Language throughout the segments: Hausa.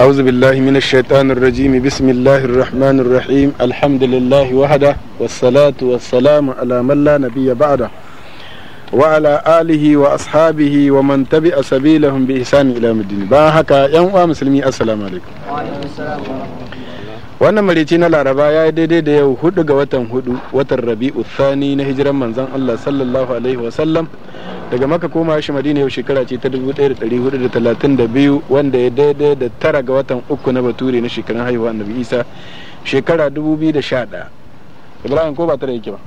أعوذ بالله من الشيطان الرجيم بسم الله الرحمن الرحيم الحمد لله وحده والصلاة والسلام على من لا نبي بعده وعلى آله وأصحابه ومن تبع سبيلهم بإحسان إلى الدين باهك يا مسلمي السلام عليكم وعليكم السلام ورحمة الله wannan marici na laraba ya yi daidai da yau hudu ga watan hudu watan rabi'u thani na hijiran manzon allah sallallahu alaihi wasallam daga maka koma shi madina yau shekara ce ta 1432 wanda ya daidai da tara ga watan uku na bature na shekarun haihuwa annabi isa shekara 2011 ibrahim ko ba tara yake ba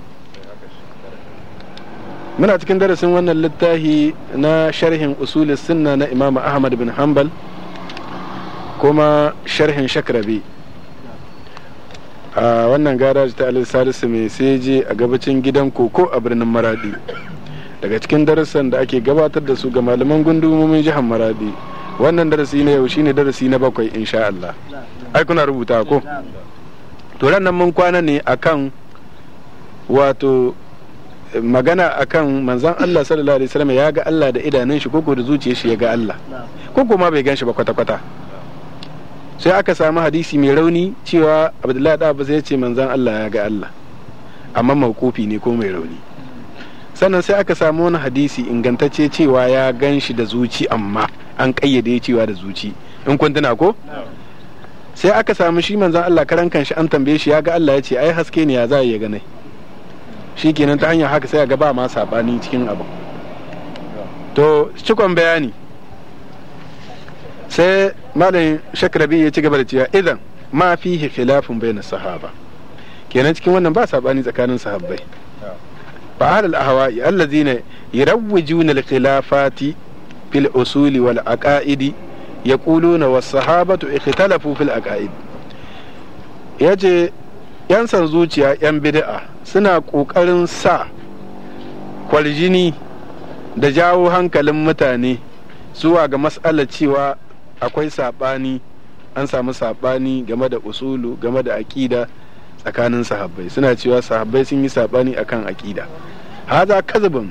muna cikin darasin wannan littafi na sharhin usulis sunna na imam ahmad bin hanbal kuma sharhin shakrabi a wannan gada ta alhaji salisu mai seje a gabacin gidan koko a birnin maradi daga cikin darussan da ake gabatar da su ga malaman gundumomin jihar maradi wannan darasi na yau shine darasi na bakwai insha Allah ai kuna rubuta ko to nan mun kwana ne akan wato magana akan manzan Allah sallallahu alaihi wasallam ya ga Allah da idanun shi koko da zuciyar shi ya ga Allah koko ma bai gan shi ba kwata kwata sai aka samu hadisi mai rauni cewa abdullahi da ba zai ce manzan Allah ya ga Allah amma mawkufi ne ko mai rauni sannan sai aka samu wani hadisi ingantacce cewa ya gan shi da zuci amma an kayyade cewa da zuci in kun ko sai aka samu shi manzan Allah karan kanshi an tambaye shi ya ga Allah ya ce ai haske ne ya za ya ganai shikenan ta hanyar haka sai a ga ba ma sabani cikin abu to cikon bayani sai malamin shakrabi ya ci gaba da cewa idan ma fihi khilafun bayna sahaba kenan cikin wannan ba sabani tsakanin sahabbai fa Allah ahwa'i allazina yurawwijuna al-khilafati fil usuli wal aqaidi yaquluna was sahabatu ikhtalafu fil aqaid yace yan san zuciya yan bid'a suna kokarin sa kwaljini da jawo hankalin mutane zuwa ga mas'alar cewa akwai saɓani an samu saɓani game da usulu game da aƙida tsakanin sahabbai suna cewa sahabbai sun yi saɓani akan aƙida haza kazabin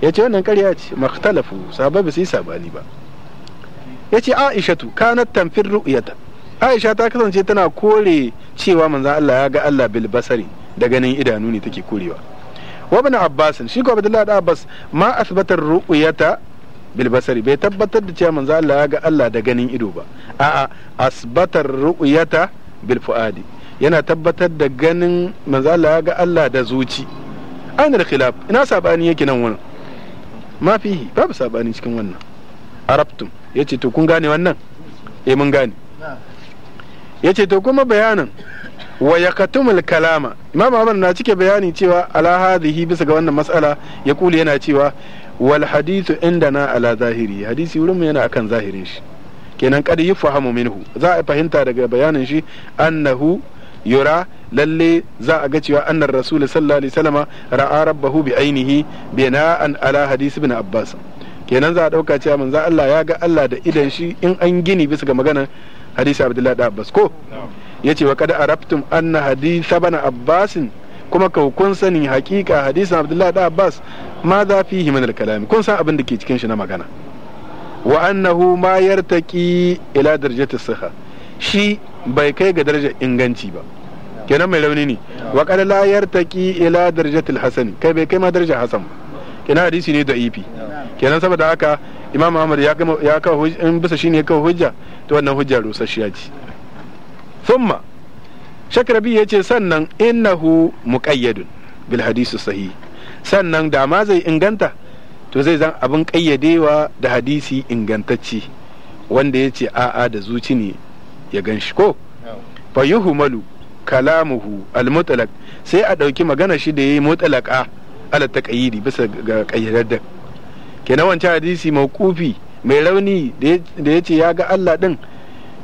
ya ce wannan karya ce makhtalafu sahabbai ba su yi saɓani ba ya ce aishatu kanat tamfir ru'yata aisha ta kasance tana kore cewa manzan Allah ya ga Allah bil basari da ganin idanu ne take korewa wa ibn abbas shi ko abdullahi abbas ma asbata ru'yata bilbasari bai tabbatar da cewa manzo Allah ya ga Allah da ganin ido ba a'a asbatar ru'yata bil fuadi yana tabbatar da ganin manzo Allah ya ga Allah da zuci anar khilaf ina sabani yake nan wannan ma fihi babu sabani cikin wannan arabtum yace to kun gane wannan eh mun gane yace to kuma bayanan wa yakatumul kalama imam Ahmad na cike bayani cewa ala hadhihi bisa ga wannan mas'ala ya kuli yana cewa wal hadithu indana ala zahiri hadisi wurin yana akan zahirin shi kenan kada yi fahimu minhu za a fahimta daga bayanin shi annahu yura lalle za a ga cewa annar rasul sallallahu alaihi wasallama ra'a rabbahu bi ainihi bina'an ala hadisi ibn abbas kenan za a dauka cewa manzo Allah ya ga Allah da idan shi in an gini bisa ga maganar hadisi abdullahi da abbas ko yace wa kada arabtum anna hadisa bana abbasin kuma kaukun sani hakika hadisin abdullahi da abbas ma za fihi min al-kalami kun san abin da ke cikin shi na magana wa annahu ma yartaqi ila darajati siha shi bai kai ga darajar inganci ba kenan mai rauni ne wa qad la yartaqi ila darajati al-hasan kai bai kai ma darajar hasan ba kenan hadisi ne da ifi kenan saboda haka imam ahmad ya kama ya kawo in bisa shine ya kawo hujja to wannan hujja rusasshiya ce thumma shakrabi yace sannan innahu muqayyadun bil hadisi sahih sannan da ma zai inganta to zai zan abin ƙayyadewa da hadisi ingantacci wanda ya ce a'a da zuci ne ya gan shi ko Fayuhu malu kalamuhu almutalak sai a ɗauki magana shi da yayi mutlaqa ala taqyidi bisa ga qayyadadda kenan wancan hadisi kufi mai rauni da ya ce ya ga Allah ɗin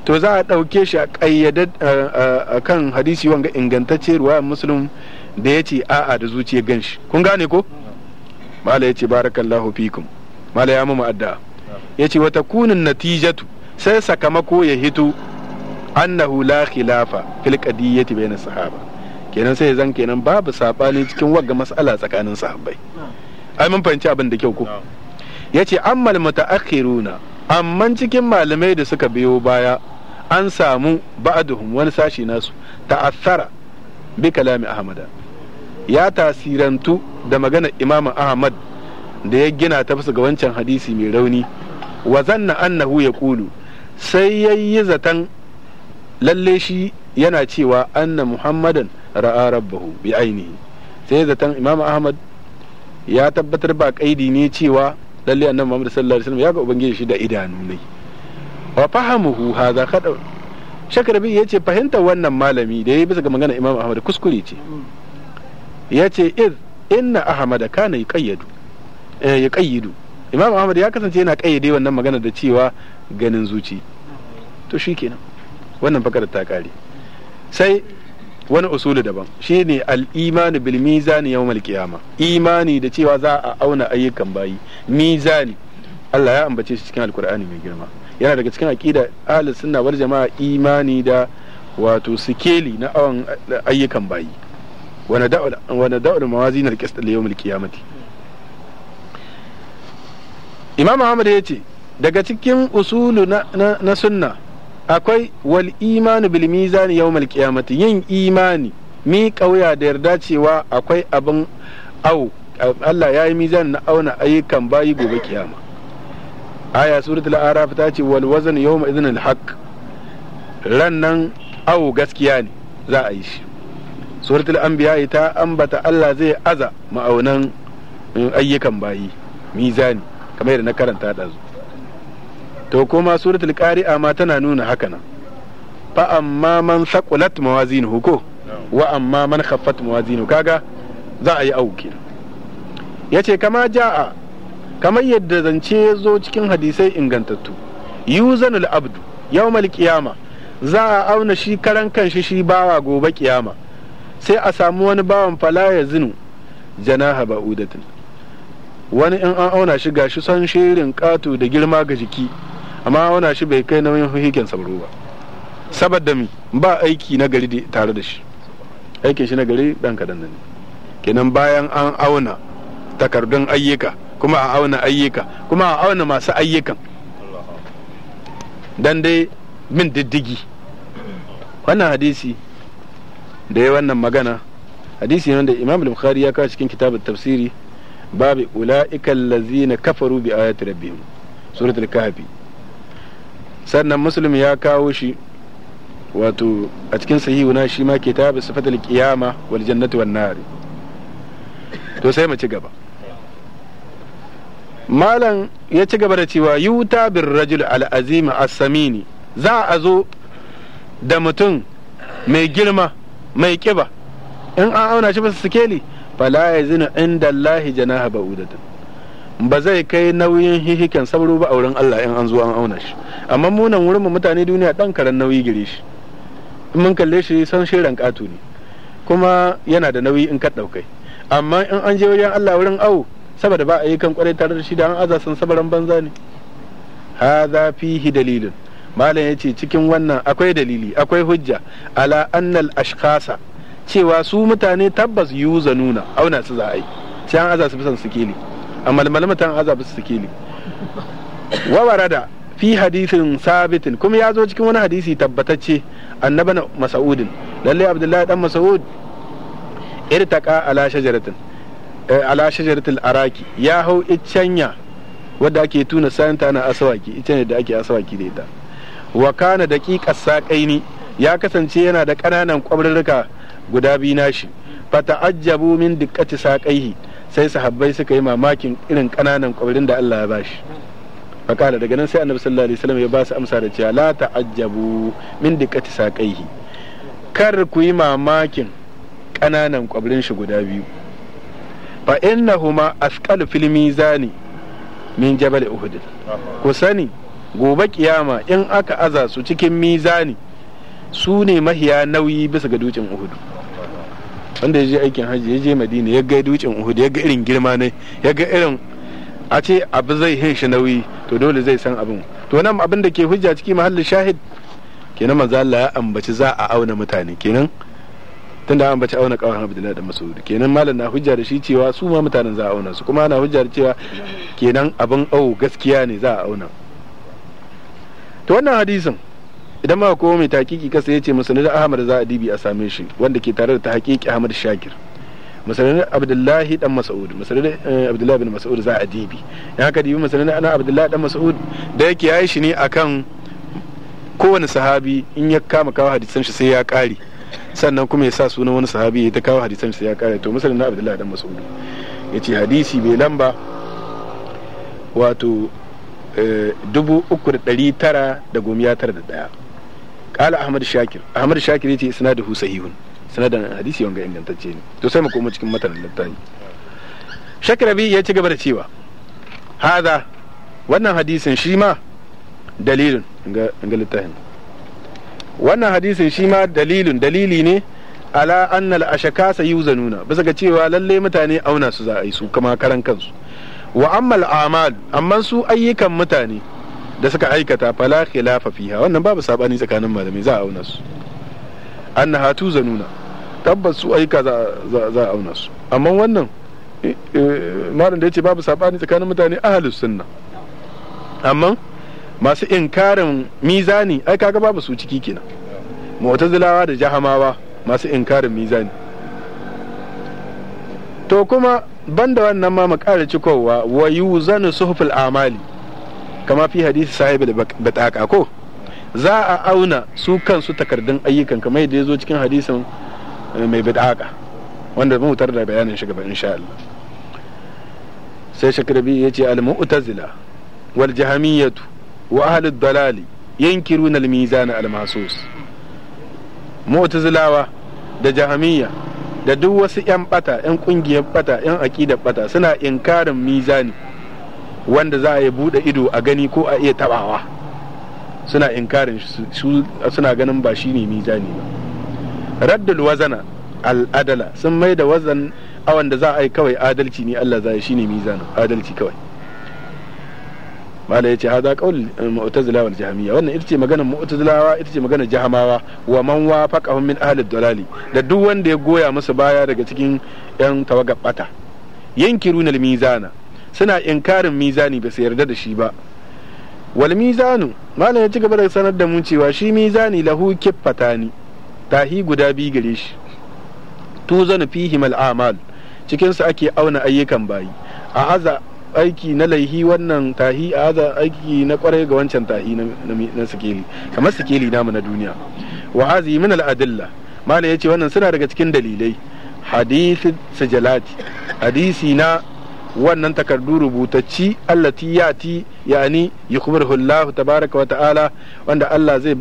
to za a ɗauke shi a kan hadisi wanga ingantacce ruwa musulun da ya ce a'a da zuciya ganshi kun gane ko mala ya ce barakallahu fikum mala ya mamu addu'a ya ce wata kunin natijatu sai sakamako ya hito annahu la khilafa fil qadiyyati bayna sahaba kenan sai zan kenan babu sabani cikin wagga mas'ala tsakanin sahabbai ai mun fahimci abin da kyau ko yace ammal mutaakhiruna amma cikin malamai da suka biyo baya an samu ba'aduhum wani sashi nasu ta'athara bi kalami ahmada ya tasirantu da maganar imamu ahmad da ya gina ta bisa ga wancan hadisi mai rauni wa zanna annahu ya kulu sai ya yi zaton lalle shi yana cewa anna muhammadan ra'a rabbahu bi ainihi sai zaton imamu ahmad ya tabbatar ba kaidi ne cewa lalle annabi muhammad sallallahu alaihi wasallam ya ga ubangiji shi da idanu ne wa fahamuhu hadha kada shakarbi yace fahimtar wannan malami da yayi bisa ga magana imamu ahmad kuskure ce ya ce ir, inna ahmad kana yuqayyadu eh, yuqayyidu imam ahmad ya kasance yana kayyade wannan magana da cewa ganin zuci to shikenan wannan fakar ta kare sai wani usuli daban shine al-imanu bil mizani yawmal qiyama imani da cewa za a auna ayyukan bayi mizani Allah ya ambace shi cikin alkur'ani mai girma yana daga cikin aqida ahlus sunna wal jama'a imani da wato sikeli na awon ayyukan bayi wani da'ul mawazinar qist li yawmil qiyamati imam Muhammadu ya ce daga cikin usulu na sunna akwai wal imanu bil mizani yawmal qiyamati yin imani mi kauya da yarda cewa akwai abin au Allah ya yi mizan na auna ayyukan bayi gobe kiyama aya suratul araf ta ce wal wazn yawma idhin al ran rannan au gaskiya ne za a yi shi suratul anbiya ta ambata Allah zai aza ma'aunan eh, ayyukan bayi mizani kamar yadda na karanta da zu to kuma suratul qari'a ma tana nuna haka nan fa amma man saqulat mawazinuhu ko wa amma man khaffat mawazinuhu kaga za a yi auki yace kama ja'a kamar yadda zance ya zo cikin hadisai ingantattu yuzanul abdu yawmal qiyama za a auna shi karan kanshi shi bawa gobe kiyama sai a samu wani bawan fala ya zinu janaha ba'udatin wani in an auna shi gashi son shirin katu da girma ga jiki amma auna shi bai kai nauyin hikin sabro ba saboda mi ba aiki na gari tare da shi aikin shi na gari dan kadan ne kenan bayan an auna takardun ayyuka kuma a auna ayyuka kuma a auna masu ayyukan dan dai min diddigi wannan hadisi da ya wannan magana hadisi ne da imam bukhari ya kawo cikin kitabun tafsiri babu ula'ika allazina kafaru bi ayati rabbihim al kahfi sannan muslim ya kawo shi wato a cikin sahihu na shi ma kitabu al qiyama wal jannati wan nar to sai mu ci gaba malam ya ci gaba da cewa yuta bir rajul al azim as samini za a zo da mutum mai girma mai kiba in an auna shi masa sikeli fala ya zina inda Allahi janaha ba'udatin ba zai kai nauyin hihikan sauro ba a wurin Allah in an zo an auna shi amma munan wurin mu mutane duniya dan karan nauyi gire shi in mun kalle shi san shirin katu ne kuma yana da nauyi in ka daukai amma in an je wajen Allah wurin awo saboda ba a yi kan kwarai tare da shi da an aza san sabaran banza ne hadha fihi dalilun malam ya ce cikin wannan akwai dalili akwai hujja ala annal ashkasa cewa su mutane tabbas yu nuna auna su za a yi sai an aza su bisan sikeli a malmalma ta an su bisan sikeli wa da fi hadisin sabitin kuma ya zo cikin wani hadisi tabbatacce annaba na mas'udin lalle abdullahi dan mas'ud irtaka ala shajaratin eh, ala shajaratil araki ya hau iccenya wadda ake tuna santa na asawaki ita da ake asawaki da ita wa kana daqiqa saƙaini ya kasance yana da ƙananan kwabrarruka guda biyu nashi fata'ajjabu min dukkati saqaihi sai sahabbai suka yi mamakin irin ƙananan kwabrin da Allah ya bashi fakala daga nan sai annabi sallallahu alaihi wasallam ya ba su amsa da cewa la ta'ajjabu min dukkati saqaihi kar ku yi mamakin ƙananan kwabrin shi guda biyu fa innahuma asqal fil mizani min jabal uhud ku sani gobe kiyama in aka aza su cikin mizani su ne mahiya nauyi bisa ga dukin uhudu wanda ya je aikin hajji ya je madina ya ga dukin uhudu ya ga irin girma ne ya ga irin a ce abu zai hin shi nauyi to dole zai san abin to nan abin da ke hujja ciki mahallin shahid kenan manzo Allah ya ambaci za a auna mutane kenan tun da ambaci auna kawai Abdullahi da Mas'ud kenan malam na hujja da shi cewa su ma mutanen za a auna su kuma na hujja da cewa kenan abin au gaskiya ne za a auna to wannan hadisin idan ma kowa mai takiki kasa ya ce musulun ahmad za a dibi a same shi wanda ke tare da ta haƙiƙi ahmad shakir musulun abdullahi dan mas'ud musulun eh, abdullahi bin mas'ud za a dibi in haka dibi musulun ana abdullahi dan mas'ud da yake yayi shi ne akan kowane sahabi in ya kama kawo hadisan shi sai ya kare sannan kuma ya sa sunan wani sahabi ya ta kawo hadisan shi sai ya kare to musulun abdullahi dan mas'ud ya ce hadisi bai lamba wato 3991 eh, kala ahmad shakir ahmad shakir yace da isnaduhu sahihun da hadisi wanga ingantacce ne to sai mu koma cikin matan littafi shakrabi ya ci gaba da cewa hada wannan hadisin shi ma dalilin ga littafin wannan hadisin shi ma dalilin dalili ne ala annal ashaka sayuzanuna bisa ga cewa lalle mutane auna su za a yi su kama karan kansu wa ammal amal amma su ayyukan mutane da suka aikata fala khilafa fiha wannan babu sabani tsakanin malamai za a auna su annaha tuzanuna tabbas su ayyuka za a auna su amma wannan eh, eh, malam da yace babu sabani tsakanin mutane ahlus sunna amma masu inkarin mizani ai kaga babu su ciki kenan mu'tazilawa da jahamawa masu inkarin mizani to kuma banda wannan ma mu ƙara cikowa wa yuzanu suhuful amali kama fi hadisi sahibul bataka ko za a auna su kansu takardun ayyukan kamar yadda ya zo cikin hadisin eh, mai bid'aka wanda tar da bayanin shi gaba insha Allah sai shakrabi ya ce al-mu'tazila wal jahamiyatu wa ahli dalali yankiruna al-mizan al-mahsus mu'tazilawa da jahamiyya da duk wasu 'yan bata 'yan kungiyar bata 'yan aƙidar bata suna inkarin mizani wanda za a yi buɗe ido a gani ko a iya tabawa suna inkarin su suna ganin ba shi ne mizani ba raddul wazana al'adala sun mai da wazan a da za a yi kawai adalci ne allah za shi ne mizani adalci kawai malai ce hada qaul mu'tazila wal jahmiya wannan ita ce maganar mu'tazilawa ita ce maganar jahamawa wa man wafaqahum min ahli dalali da duk wanda ya goya musu baya daga cikin yan tawagar bata yankiruna al mizana suna inkarin mizani ba su yarda da shi ba wal mizanu malam ya ci gaba da sanar da mu cewa shi mizani lahu kiffatani tahi guda biyu gare shi tuzanu fihim amal cikin su ake auna ayyukan bayi a aza aiki na laihi wannan tahi a haza aiki na kwarai ga wancan tahi na sikeli kamar sikeli namu na duniya wa azi min Malam ya ya ce wannan suna daga cikin dalilai hadisi sijalati hadisi na wannan takardu rubutacci allati yati yani yukhbiruhu Allah tabaraka wa ta'ala wanda Allah zai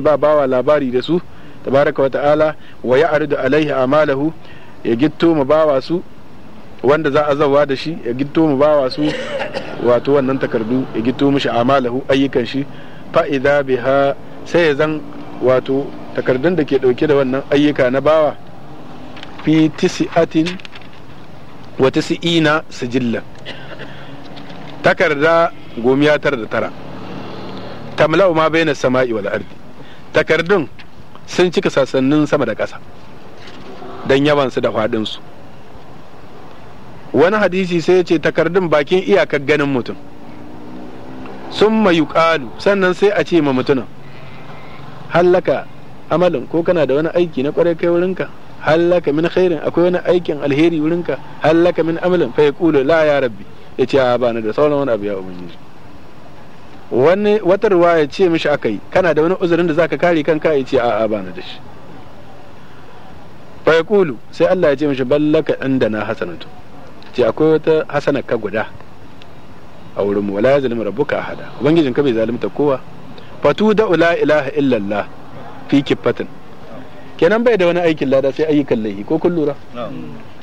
ba bawa labari da su tabaraka wa ta'ala wa ya'ridu alaihi amalahu ya gitto mu bawa su wanda za a zawa da shi ya gito mu bawa su wato wannan takardu ya gito mishi amalahu ayyukan shi fa'ida biha sai ya zan wato takardun da ke dauke da wannan ayyuka na bawa fi tisi'atin wa tisi'ina sijillan takarda gomiya tara da tara tamla'u ma na sama'i wal ardi takardun sun cika sassanin sama da ƙasa don yawansu da faɗinsu wani hadisi sai ya ce takardun bakin iyakar ganin mutum sun mayu ƙalu sannan sai a ce ma mutumin hallaka amalin ko kana da wani aiki na kwarai kai wurinka hallaka min khairin akwai wani aikin alheri wurinka hallaka min amalin fa yaqulu la ya rabbi ce a ba da sauran wani abu ya ubangiji wani wata ruwaya ce mishi akai kana da wani uzurin da zaka kare kanka ce a a ba da shi fa yaqulu sai Allah ya ce mishi ballaka na hasanatu ce akwai wata hasanar ka guda a wurin mu wala yazlimu rabbuka ahada ubangijin ka bai zalunta kowa fatu da la ilaha illallah fi kifatin kenan bai da wani aikin lada sai ayyukan laihi ko kun lura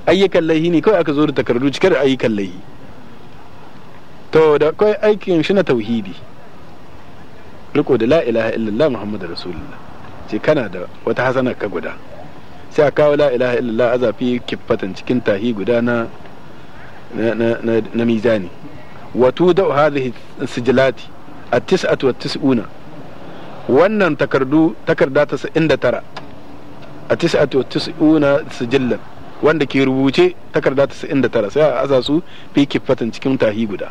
ayyukan laihi ne kawai aka zo da takardu cikar ayyukan laihi to da kawai aikin shi na tauhidi riko da la ilaha illallah muhammadu rasulullah ce kana da wata hasanar ka guda sai a kawo la ilaha illallah azafi kiffatan cikin tahi guda na na mizani wato da hadhihi sijilati a tis'atu tis'una wannan takardu takarda ta sa'in da tara a tis'atu tis'una sijillan wanda ke rubuce takarda ta sa'in da tara sai a asa su fi kifatan cikin tahi guda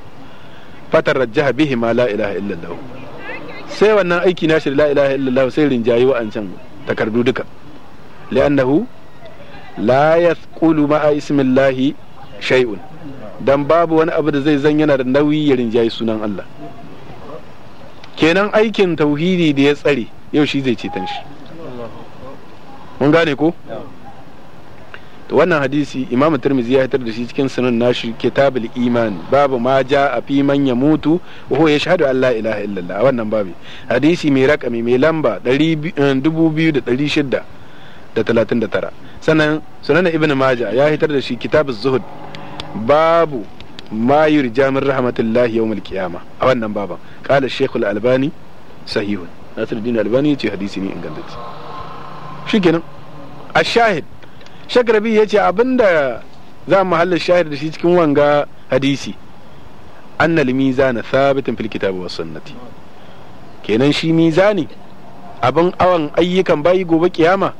fatar rajjaha bihi ma la ilaha illallah sai wannan aiki na shi la ilaha illallah sai rinjayi wa'ancan takardu duka li'annahu la yathqulu ma'a ismillahi shay'un dan babu wani abu da zai zan yana da nauyi ya rinjayi sunan Allah kenan aikin tauhidi da ya tsare yau shi zai ceton shi mun gane ko to wannan hadisi imamu tirmizi ya hitar da shi cikin sunan nashi kitabul iman babu ma ja a fi man ya mutu wa ya shahadu an la ilaha illallah wannan babu hadisi mai rakami mai lamba 2639 eh, sannan sunan ibn majah ya hitar da shi kitabuz zuhud babu ma yurja rahmatullah rahmatullahi yawmal qiyama a wannan baban kala shekul albani sahihun nasiruddin albani ce hadisi ne ingantacce shikenan a shahid ya ce abinda za mu halin shahid da shi cikin wanga hadisi anna al-mizana thabitin fil kitabi was sunnati kenan shi mizani abin awan ayyukan bayi gobe kiyama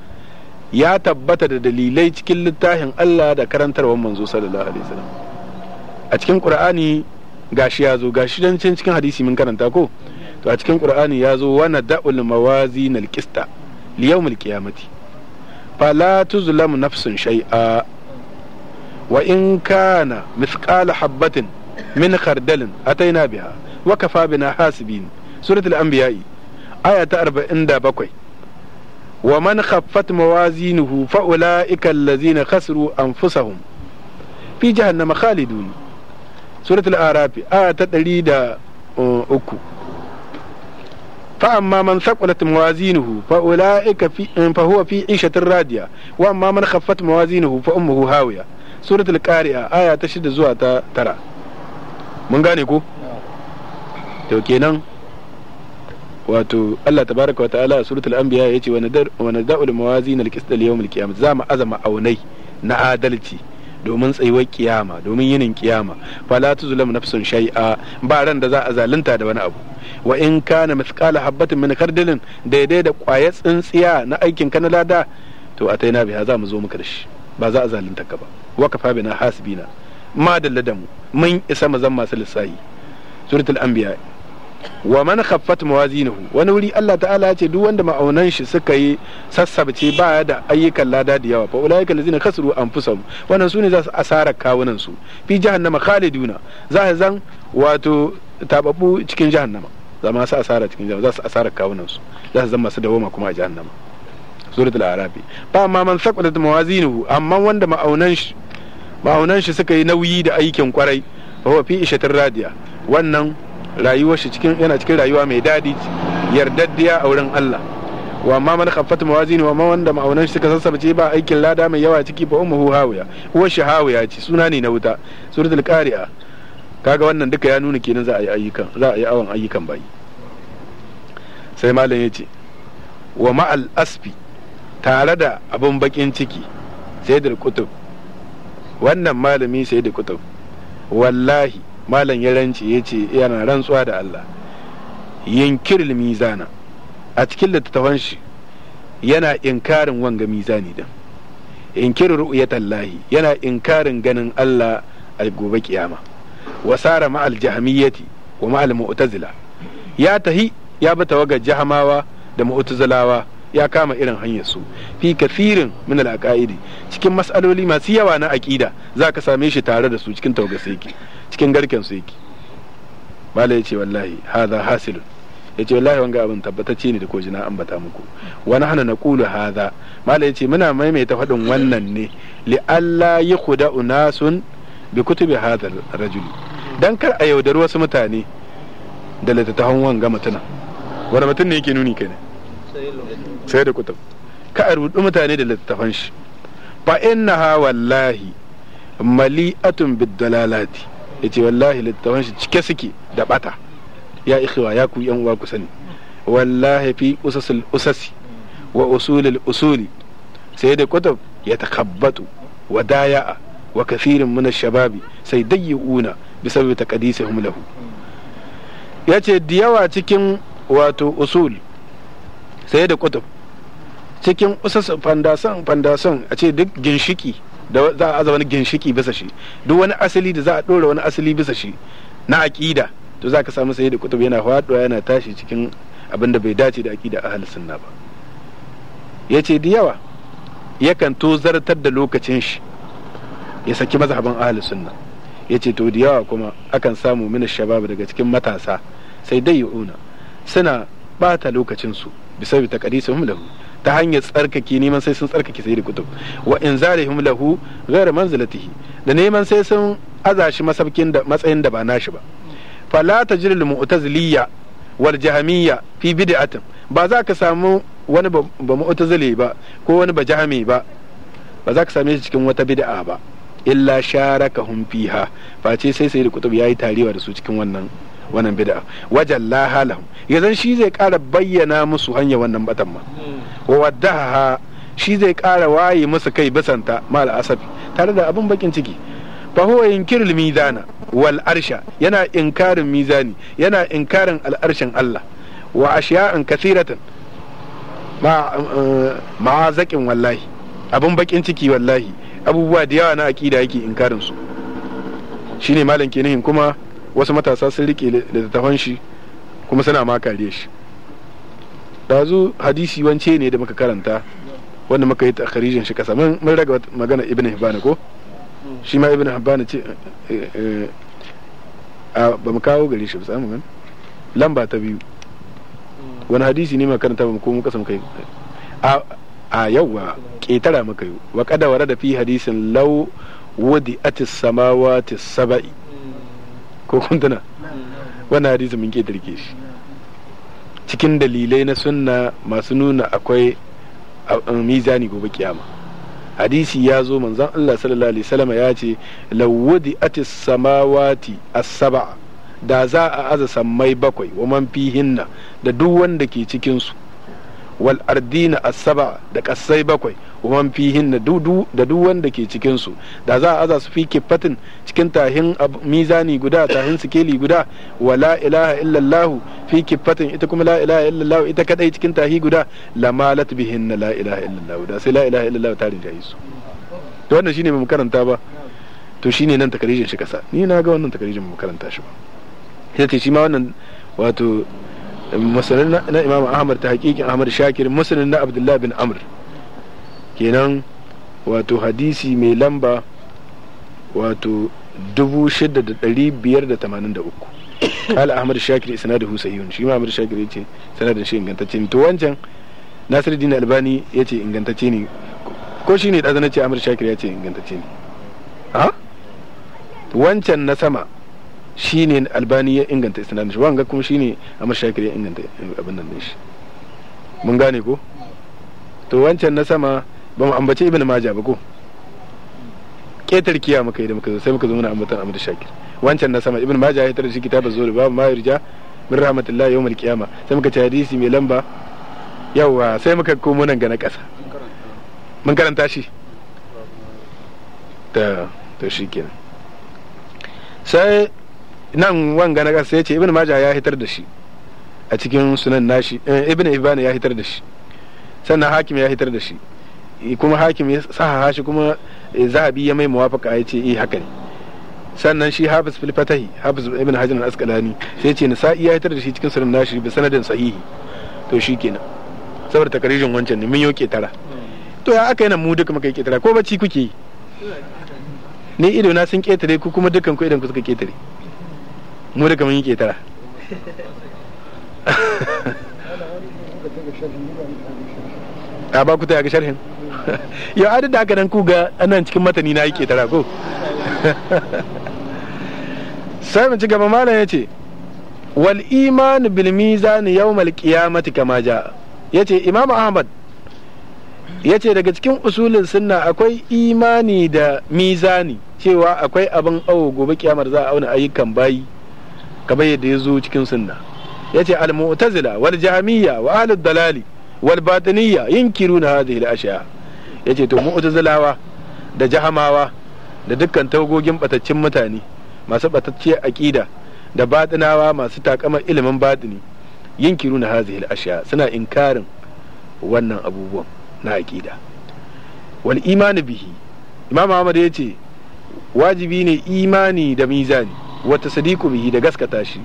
ya tabbata da dalilai cikin littafin Allah da karantarwar manzo sallallahu alaihi wasallam a cikin qur'ani gashi ya zo gashi dan cikin hadisi mun karanta ko to a cikin qur'ani ya zo wa nada'ul mawazin alqista li yawmil qiyamati fala tuzlam nafsun shay'a wa in kana mithqala habatin min khardalin ataina biha wa kafa bina hasibin suratul anbiya aya ta 47 wa man khaffat mawazinuhu fa ulaika allazina khasru anfusahum fi jahannama khalidun suratul arafi aya ta 103 uh, fa amma man thaqulat mawazinuhu fa ulaika fi um, fa huwa fi 'ishatin radiya wa amma man khaffat mawazinuhu fa ummuhu hawiya suratul qari'a aya ta 6 zuwa ta mun gane ko to kenan wato Allah tabaraka wa ta'ala suratul anbiya yace wa nadar wa nada'ul mawazin al-qist al-yawm al-qiyamah za mu azama aunai na adalci domin tsayuwar kiyama domin yinin kiyama fala tuzlam nafsun shay'a ba ran da za a zalunta da wani abu wa in kana mithqala habatin min khardalin daidai da kwaya tsintsiya na aikin ka na lada to a taina biya za mu zo muka dashi ba za a zalunta ka ba wa kafa bina hasibina ma dalladamu mun isa mazan masu lissahi suratul anbiya wa man khaffat mawazinuhu wani wuri Allah ta'ala ya ce duk wanda ma'aunan shi suka yi sassabce ba da ayyukan lada da yawa fa ulaika allazina khasru anfusahum wannan sune za su asara kawunan su fi jahannama khaliduna za su zan wato tababbu cikin jahannama za ma su asara cikin jahannama za su asara kawunan su za su zama su dawoma kuma a jahannama suratul arabi ba ma man saqalat mawazinuhu amma wanda ma'aunan shi ma'aunan shi suka yi nauyi da aikin kwarai fa fi ishatir radiya wannan rayuwar shi cikin yana cikin rayuwa mai daɗi yardaddiya a wurin Allah wa ma man khaffat mawazin wa ma wanda ma'aunan shi suka sassabce ba aikin lada mai yawa ciki ba ummu hawiya uwar shi hawiya ce suna ne na wuta suratul qari'a kaga wannan duka ya nuna kenan za a yi ayyukan za a yi awon ayyukan bai sai malam ya ce wa ma'al asfi tare da abin bakin ciki sayyidul kutub wannan malami sayyidul kutub wallahi malam ya rance ya ce yana rantsuwa da Allah yankiril mizana a cikin littattafan shi yana inkarin wanga mizani din inkirin tallahi yana inkarin ganin Allah al gobe kiyama wasara al jahmiyyati wa ma'al mu'tazila ya tahi ya bi waga jahamawa da mu'tazilawa ya kama irin hanyar su fi kafirin min al cikin mas'aloli masu yawa na aqida zaka same shi tare da su cikin tawagar cikin garken su yake malai yace wallahi hadha hasilun yace wallahi wanga abin tabbatacce ne da ko jina bata muku wani hana na kulu hada malai yace muna maimaita faɗin wannan ne li alla yakhuda unasun bi kutubi hadha rajuli dan kar a yaudar wasu mutane da littattafan wanga mutuna wani mutum ne yake nuni kenan sai da kutub ka a rudu mutane da littattafan shi fa ha wallahi mali'atun bid dalalati ya ce wallahi littafan shi cike suke da bata ya ikhiwa ya ku yan uwa ku sani wallahi fi usasul usasi wa usulul usuli sai da kutub ya takabbatu wa daya'a wa kathirin min shababi sai dayyuna bisabbi taqdisihum lahu ya ce da yawa cikin wato usul sai da kutub cikin usasul fandasan fandasan a ce duk ginshiki da za a aza wani ginshiki bisa shi duk wani asali da za a ɗora wani asali bisa shi na aƙida to za ka samu sai da kutub yana faɗuwa yana tashi cikin abin da bai dace da aƙida ahlus sunna ba ya ce da yawa yakan to zartar da lokacin shi ya saki mazhaban ahlus sunna ya ce to da yawa kuma akan samu mini shabab daga cikin matasa sai dai yu'una suna bata lokacinsu bisa bi taqdisuhum lahu ta hanyar tsarkake neman sai sun tsarkake sai da kutub wa in zarihim lahu ghayra manzilatihi da neman sai sun azashi masabkin da matsayin da ba nashi ba fala tajrul mu'taziliyya wal jahamiyya fi bid'atin ba za ka samu wani ba mu'tazili ba ko wani ba jahmi ba ba za ka same shi cikin wata bid'a ba illa sharakahum fiha face sai sai da kutub yayi tarewa da su cikin wannan wannan bid'a wajallaha lahum yanzu shi zai kara bayyana musu hanya wannan batan hmm. wa waddaha shi zai ƙara waye musu kai bisanta mal asabi tare da abin bakin ciki fa huwa yunkirul mizana wal arsha yana inkarin mizani yana inkarin al'arshin Allah wa ashiya'an kasiratan ma zakin wallahi abin bakin ciki wallahi abubuwa da yawa na aƙida yake inkarin su shine malam kenihin kuma wasu matasa sun rike littattafan shi kuma suna ma shi zu hadisi wance ne da muka karanta wanda muka yi takharijin shi kasa mun raga magana ibn hibban ko shi ma ibn hibban ce eh, eh, a ba mu kawo gare shi ba mu lamba ta biyu wani hadisi ne makaranta ba mu komo kasa muka yi a yawwa ƙetara muka yi wa kada wara da fi hadisin lau wadi atis samawati saba'i ko kuntuna wani wannan hadisi mun ƙetarke shi cikin dalilai na sunna masu nuna akwai mizani gobe kiyama hadisi ya zo manzon Allah sallallahu alaihi wasallam ya ce lawudi atis samawati as da za a aza sammai bakwai wa man fihinna da duk wanda ke cikin su wal ardina as da kasai bakwai Wan fihin da duk wanda ke cikin su da za a aza su fi kifatin cikin tahin mizani guda tahin sikeli guda wa la ilaha illallah fi kifatin ita kuma la ilaha illallah ita kadai cikin tahi guda la malat bihin la ilaha illallah da sai la ilaha illallah ta rinjaye su to wannan shine mu karanta ba to shine nan takarijin shi kasa ni na ga wannan takarijin mu karanta shi ba sai ce shi ma wannan wato masanin na imam ahmad ta hakikin ahmad shakir masanin na abdullahi bin amr kenan wato hadisi mai lamba wato 6583 kala ahmad shakir da sahihun shi ma ahmad shakir yace sanadin shi ingantacce ne to wancan nasiruddin albani yace ingantacce ne ko shine da ce ahmad shakir yace ingantacce ne a wancan na sama shine albani ya inganta da shi wanga kuma shine ahmad shakir ya inganta abin nan shi mun gane ko to wancan na sama ba mu ambace ibn maja ba ko ketar kiya muka yi da muka zo sai muka zo muna ambatan amadu shakir wancan na sama ibn maja ya hitar da shi kitabar zuhri babu ma yurja min rahmatillah yawmal qiyama sai muka ci hadisi mai lamba yawa sai muka komo nan ga na ƙasa mun karanta shi ta to shikenan sai nan wanga na ƙasa sai ce ibn maja ya hitar da shi a cikin sunan nashi eh, ibn ibana ya hitar da shi sannan hakim ya hitar da shi kuma hakim ya saha shi kuma eh, zahabi ya mai muwafaka ya ce eh haka ne sannan shi hafiz filfatahi hafiz ibn hajar al-asqalani sai ce Sa'i ya hitar da shi cikin sunan nashi bi sanadin sahihi to shi kenan saboda takarijin wancan ne mun yau ketara to ya aka yana mu duka muka ketara ko bacci kuke yi ni ido na sun ketare ku kuma dukan ku idan ku suka ketare mu duka mun yi ketara a ba ku ta ga sharhin yau adin da ku ga anan cikin matani na yake tara ko sai mu ci gaba malam yace wal imanu bil mizan yawmal qiyamati kama ja yace imam ahmad yace daga cikin usulin sunna akwai imani da mizani cewa akwai abin awo gobe kiyamar za a auna ayyukan bayi kamar yadda ya zo cikin sunna yace al mu'tazila wal jahmiya wa ahlud dalali wal yin yunkiruna hadhihi al ashya yace to mu'tazilawa da jahamawa da dukkan taugogin bataccin mutane masu batacciyar aƙida da batinawa masu takamar ilimin batini yunkiruna hadhihi al ashya suna inkarin wannan abubuwan na aqida wal imani bihi imam ahmad ce wajibi ne imani da mizani wata sadiku bihi da gaskata shi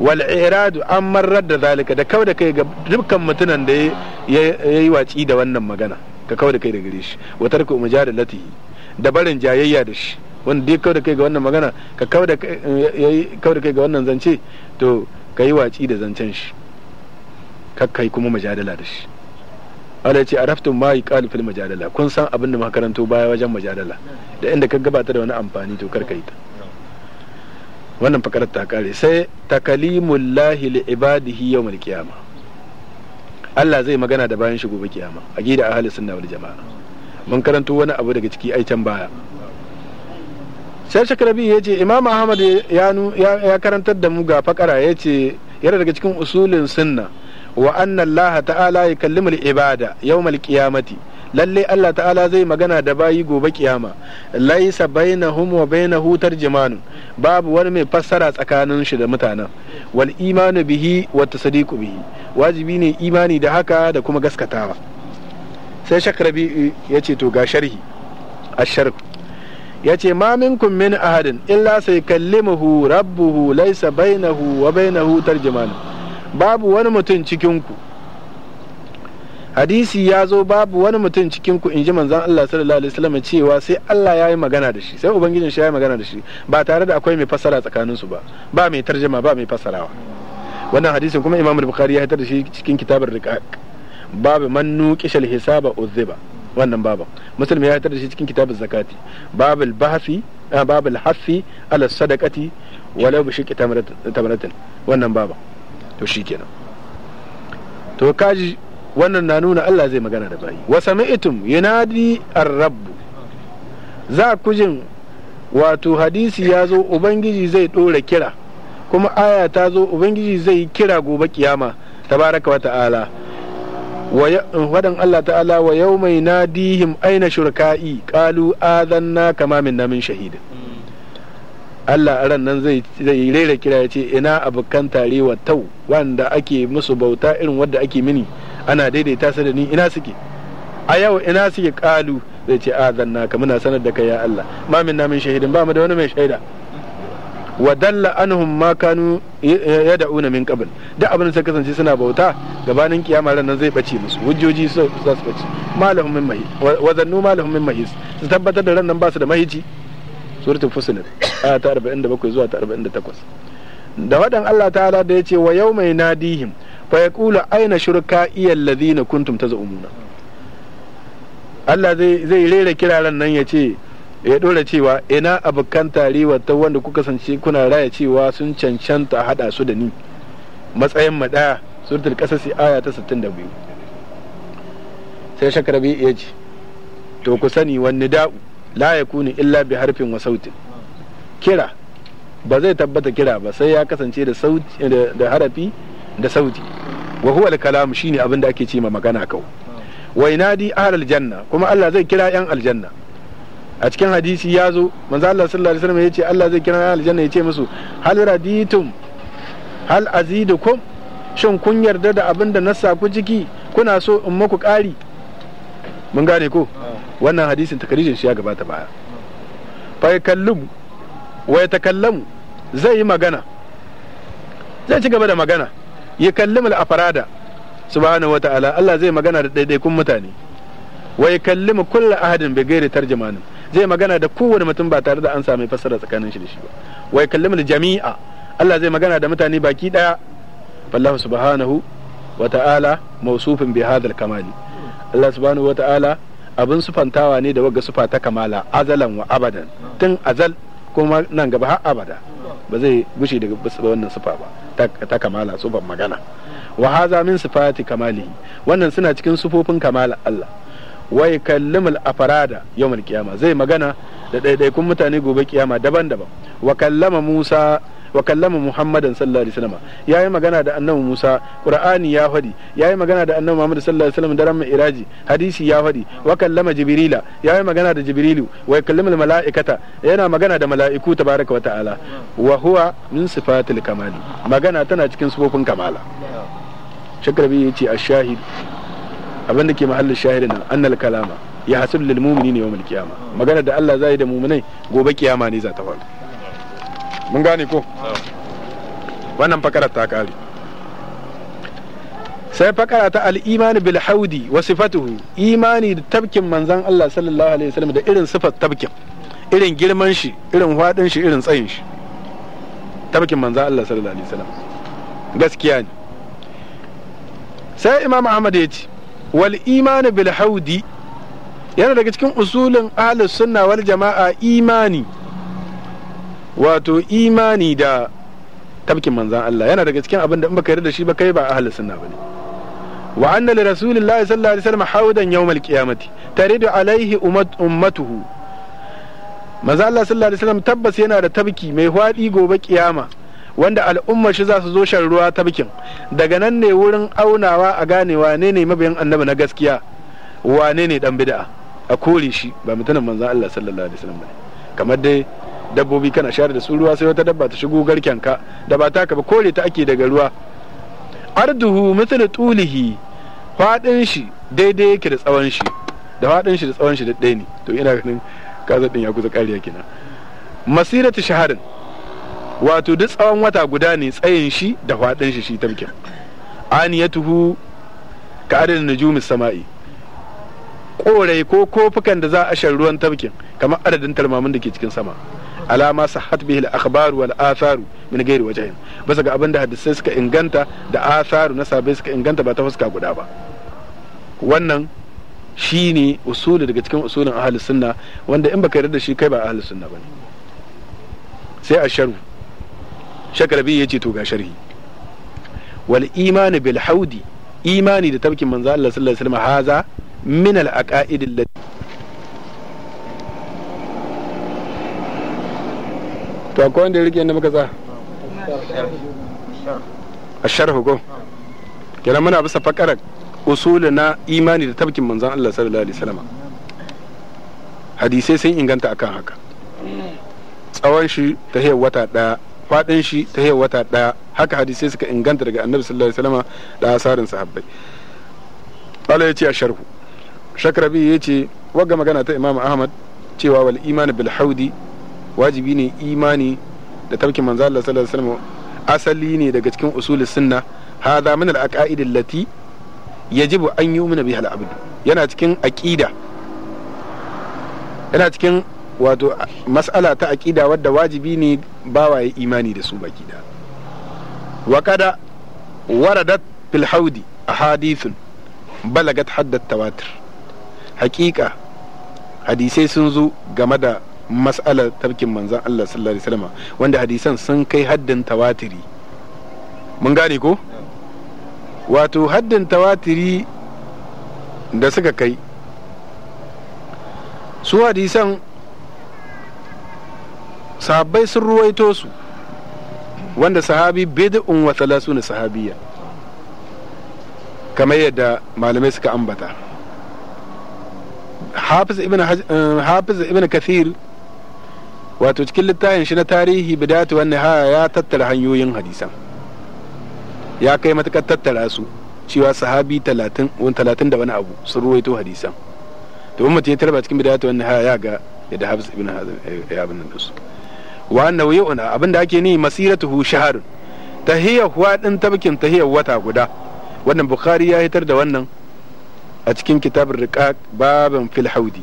wal iradu an marar da zalika da kawai da kai ga dukkan mutunan da ya yi watsi da wannan magana ka kawai da kai da gare shi wa tarku lati da barin jayayya da shi wanda dai kawai da kai ga wannan magana ka kawai da kai ga wannan zance to ka yi watsi da zancen shi ka kai kuma mujadala da shi Allah ya ce araftum ma yuqalu fil mujadala kun san abin da muka karanto baya wajen mujadala da inda ka gabata da wani amfani to kar ka yi ta wannan fakarar ta kare sai takalimullahi li ibadihi yawmal qiyama Allah zai magana da bayan shigo kiyama a gida ahli sunna wal jama'a mun karanto wani abu daga ciki ai can baya sai shakarabi ya ce imam ahmad ya karantar da mu ga fakara ya ce yana daga cikin usulin sunna wa anna allaha ta'ala ya kallimul ibada yawmal qiyamati lalle Allah ta'ala zai magana da bayi gobe kiyama laisa bainahum wa bainahu tarjumanun babu wani mai fassara tsakanin shi da mutanen wal imanu bihi wa tasdiqu bihi wajibi ne imani da haka da kuma gaskatawa sai shakrabi ya ce to ga sharhi asharf ya ma minkum min ahadin illa sai kallimuhu rabbuhu laisa bainahu wa bainahu tarjumanun babu wani mutum cikin ku hadisi ya zo babu wani mutum cikin ku inji manzon Allah sallallahu alaihi wasallam cewa sai Allah ya yi magana da shi sai ubangijin shi ya yi magana da shi ba tare da akwai mai fassara tsakanin su ba ba mai tarjuma ba mai fassarawa wannan hadisin kuma Imam Bukhari ya hitar da shi cikin kitabar riqaq babu man nuqishal hisaba uzziba wannan babu Musulmi ya hitar da shi cikin kitabar zakati babul bahfi ah, babul hafi ala sadaqati walau bi shiqqi tamratin wannan babu to shikenan to kaji wannan na nuna Allah zai magana da bayi wa sami'tum yunadi ar-rabb za ku jin wato hadisi ya zo ubangiji zai ɗora kira kuma aya ta zo ubangiji zai kira gobe kiyama tabaraka wa ta'ala wadan Allah ta'ala wa yau mai nadihim aina shurka'i kalu azanna kama min namin shahida Allah a ran nan zai rera kira ya ce ina abokan tarewa tau wanda ake musu bauta irin wadda ake mini ana daidaita su da ni ina suke a yau ina suke kalu zai ce a zanna ka muna sanar da kai ya Allah ma min namin shahidin ba mu da wani mai shaida wa dalla anhum ma kanu yad'una min qabl da abin sai kasance suna bauta gabanin kiyama ran nan zai bace musu hujjoji su za su bace malahum min mahi wa zannu malahum min mahis su tabbatar da ran nan ba su da mahiji suratul fusilat a ta 47 zuwa ta 48 da wadan Allah ta'ala da ya ce wa yau mai nadihim fa ya kula aina shurka iyal ladina kuntum tazumuna Allah zai rera kiraran nan ya ce ya dora cewa ina abokan tarewa ta wanda kuka sance kuna raya cewa sun cancanta hada su da ni matsayin madaya suratul qasas aya ta 62 sai shakarabi ya ce to ku sani wani da'u la yakunu illa bi harfin wa sautin kira ba zai tabbata kira ba sai ya kasance da sauti da harafi da sauti wa huwa al-kalam shine abin da ake ce ma magana kau wa inadi ahlal janna kuma Allah zai kira yan aljanna a cikin hadisi ya zo manzo Allah sallallahu alaihi wasallam yace Allah zai kira yan aljanna yace musu hal raditum hal azidukum shin kun yarda da abin da na ku ciki kuna so in muku ƙari mun gane ko wannan hadisin takarijin shi ya gabata baya fa yakallum wa yatakallamu zai yi magana zai ci gaba da magana ya kallimul afarada subhanahu wa ta'ala Allah zai magana da ɗaiɗaikun mutane wa ya kallimu kulla ahadin bi gairi tarjumanin zai magana da kowane mutum ba tare da an sami fassara tsakanin shi da shi ba wa ya jami'a Allah zai magana da mutane baki daya wallahu subhanahu wa ta'ala mausufin bi hadal kamali Allah subhanahu wa ta'ala abin sufantawa ne da wagga sufa ta kamala azalan wa abadan tun azal kuma nan gaba har abada ba zai gushe daga wannan sifa ba ta kamala sufan magana wa haza min sifati kamalihi wannan suna cikin sufofin kamala Allah wa yukallimul afarada yawmal kiyama zai magana da ɗaiɗaikun mutane gobe kiyama daban-daban wa kallama Musa wa kallama muhammadan sallallahu alaihi wasallam yi magana da annabi musa qur'ani ya fadi yi magana da annabi muhammad sallallahu alaihi wasallam daren iraji hadisi ya fadi wa kallama jibrila yi magana da jibrilu wa kallamul mala'ikata yana magana da mala'iku tabaraka wa ta'ala wa huwa min sifatil kamali magana tana cikin sifofin kamala shakrabi yace ash-shahid abin da ke mahallin shahidin nan annal kalama ya hasul lil mu'minina yawmal qiyamah magana da Allah zai da mu'minai gobe kiyama ne za ta faru mun gane ko wannan fakara ta kare sai fakara ta al'imani bil haudi wa sifatuhu imani da tabkin manzan Allah sallallahu alaihi wasallam da irin sifat tabkin irin girman shi irin fadin shi irin tsayin shi tabkin manzan Allah sallallahu alaihi wasallam gaskiya ne sai imam ahmad ya ce wal imani bil haudi yana daga cikin usulin ahlus sunna wal jama'a imani wato imani da tabkin manzan Allah yana daga cikin abin da in baka yarda da shi ba kai ba ahli sunna bane wa anna li rasulillahi sallallahu alaihi wasallam haudan yawmal qiyamati taridu alaihi ummatuhu manzan Allah sallallahu alaihi wasallam tabbas yana da tabki mai hwadi gobe kiyama wanda al'ummar shi za su zo shan ruwa tabkin daga nan ne wurin aunawa a gane wane ne mabiyan annabi na gaskiya wane ne dan bid'a a kore shi ba mutumin manzan Allah sallallahu alaihi wasallam bane kamar dai dabbobi kana share da su ruwa sai wata dabba ta shigo garken ka da ba taka ba kore ta ake daga ruwa arduhu mithlu tulihi fadin shi daidai yake da tsawon shi da fadin shi da tsawon shi da ɗaya ne to ina ganin kaza din ya kusa kariya kenan masiratu shaharin wato duk tsawon wata guda ne tsayin shi da fadin shi shi tamkin aniyatuhu ka adadin nujumi sama'i korai ko kofukan da za a shan ruwan tamkin kamar adadin talmamin da ke cikin sama alama sahhat bihi al-akhbar wal athar min ghairi wajhin bisa ga abinda hadisai suka inganta da atharu na sabai suka inganta ba ta fuska guda ba wannan shine usuli daga cikin usulin ahli sunna wanda in baka yarda da shi kai ba ahli sunna bane sai a sharu shakarabi yace to ga sharhi wal imani bil haudi imani da tabkin manzo Allah sallallahu alaihi wasallam haza min al aqaid to akwai wanda ya rike inda muka tsaya a sharhu ko kenan muna bisa fakarar usuli na imani da tabkin manzon Allah sallallahu alaihi wasallam hadisai sun inganta akan haka tsawon shi ta hiyar wata daya fadin shi ta hiyar wata daya haka hadisai suka inganta daga annabi sallallahu alaihi wasallam da asarin sahabbai Allah ya ce a sharhu shakrabi ya ce wagga magana ta imamu ahmad cewa wal iman bil haudi wajibi ne imani da tafkin manzo Allah sallallahu alaihi asali ne daga cikin usulus sunna hada min al aqaid allati yajibu an yu'mina biha al abd yana cikin aqida yana cikin wato mas'ala ta aqida wadda wajibi ne bawa ya imani da su baki da wa kada waradat fil haudi ahadithun balagat hadda tawatir hakika hadisai sun zo game da mas'alar tafkin manzan Allah sallallahu alaihi wasallam wanda hadisan sun kai haddin tawatiri mun gane ko wato haddin tawatiri da suka kai su hadisan sahabbai sun ruwaito su wanda sahabi bid'un wa thalathuna sahabiya kamar yadda malamai suka ambata hafiz ibn eh, hafiz ibn kathir wato cikin littafin shi na tarihi bidatu wannan haya ya tattara hanyoyin hadisan ya kai matukar tattara su cewa sahabi talatin wani talatin da wani abu sun ruwaito hadisan to mutum ya tarba cikin bidatu wannan haya ya ga yadda hafiz ibn hazm ya abin nan su wa annahu yu'na abin da ake ni masiratuhu shahr tahiyya huwa din tabkin tahiyya wata guda wannan bukhari ya hitar da wannan a cikin kitabun riqaq babin fil haudi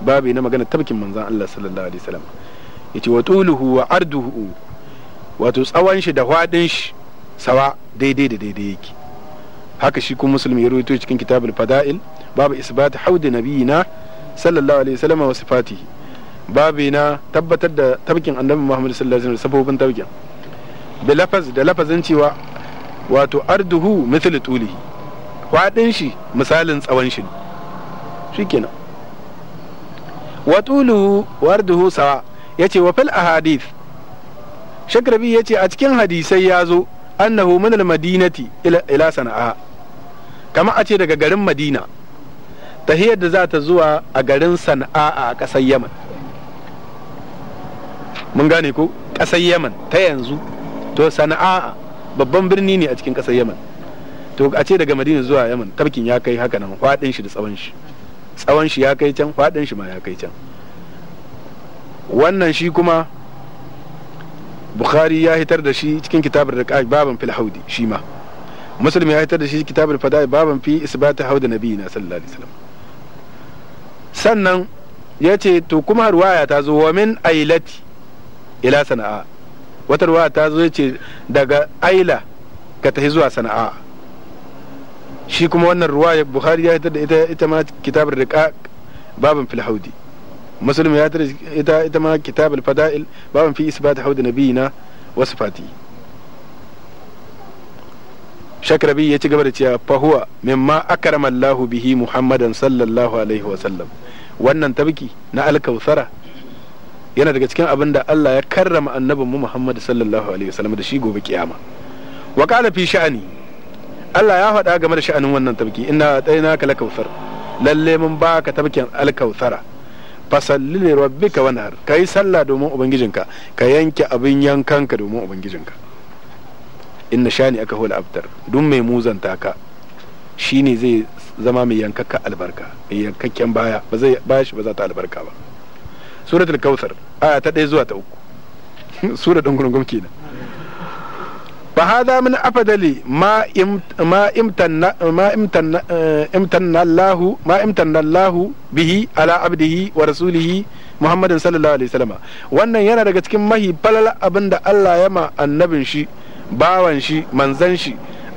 babi na magana tabkin manzon Allah sallallahu alaihi wasallam yace wa tuluhu wa arduhu wato tsawon shi da hwadin shi sawa daidai da daidai yake haka shi kuma musulmi ya rawaito cikin kitabul fada'il babu isbat haudi nabiyina sallallahu alaihi wasallam wa sifatihi babu na tabbatar da tabkin annabi muhammad sallallahu alaihi wasallam sabobin tabkin bi lafaz da lafazin cewa wato arduhu mithlu tulihi hwadin shi misalin tsawon shi shikenan wa tuluhu wa arduhu sawa ya ce wa fil hadith shakarabi ya ce a cikin hadisai ya zo annahu min madinati ila sana'a kama a ce daga garin madina hiyar da za ta zuwa a garin sana'a a ƙasar yaman mun gane ko ƙasar yaman ta yanzu to sana'a babban birni ne a cikin ƙasar yaman to a ce daga madina zuwa yaman tafkin ya kai haka nan faɗin shi da tsawon shi tsawon shi ya kai can faɗin shi ma ya kai can wannan shi kuma bukhari ya hitar da shi cikin kitabar da baban fil haudi shi ma musulmi ya hitar da shi kitabar fada'i baban fi isbati haudi nabi na sallallahu alaihi wasallam sannan ya ce to kuma ruwaya ta zo wa min ailati ila sana'a wata ruwaya ta zo ya ce daga aila ka tahi zuwa sana'a shi kuma wannan ruwaya bukhari ya hitar da ita ma kitabar da babin fil haudi muslim ya tare ita ita ma kitab al-fada'il baban fi isbat haud nabiyina wa sifati shakrabi ya ci gaba da cewa fa huwa mimma akrama Allah bihi Muhammadan sallallahu alaihi wa sallam wannan tabki na alkausara yana daga cikin abin da Allah ya karrama annabin mu Muhammad sallallahu alaihi wa sallam da shi gobe kiyama wa qala fi sha'ani Allah ya faɗa game da sha'anin wannan tabki inna atainaka lakausar lalle mun baka tabkin alkausara fasalli li rabbika ka kai sallah domin ubangijinka ka yanke abin yankanka domin ubangijinka inna shani aka hula abtar duk mai muzanta ka shine zai zama mai yankakka albarka mai yankakken baya ba zai ba shi ba za ta albarka ba suratul kautsar aya ta ɗaya zuwa ta uku sura ɗan gurgum kenan فهذا من أفضل ما ما امتن ما امتن امتن الله ما امتن الله به على عبده ورسوله محمد صلى الله عليه وسلم wannan yana daga cikin mahi falala abinda Allah ya ma annabin shi bawan shi manzan shi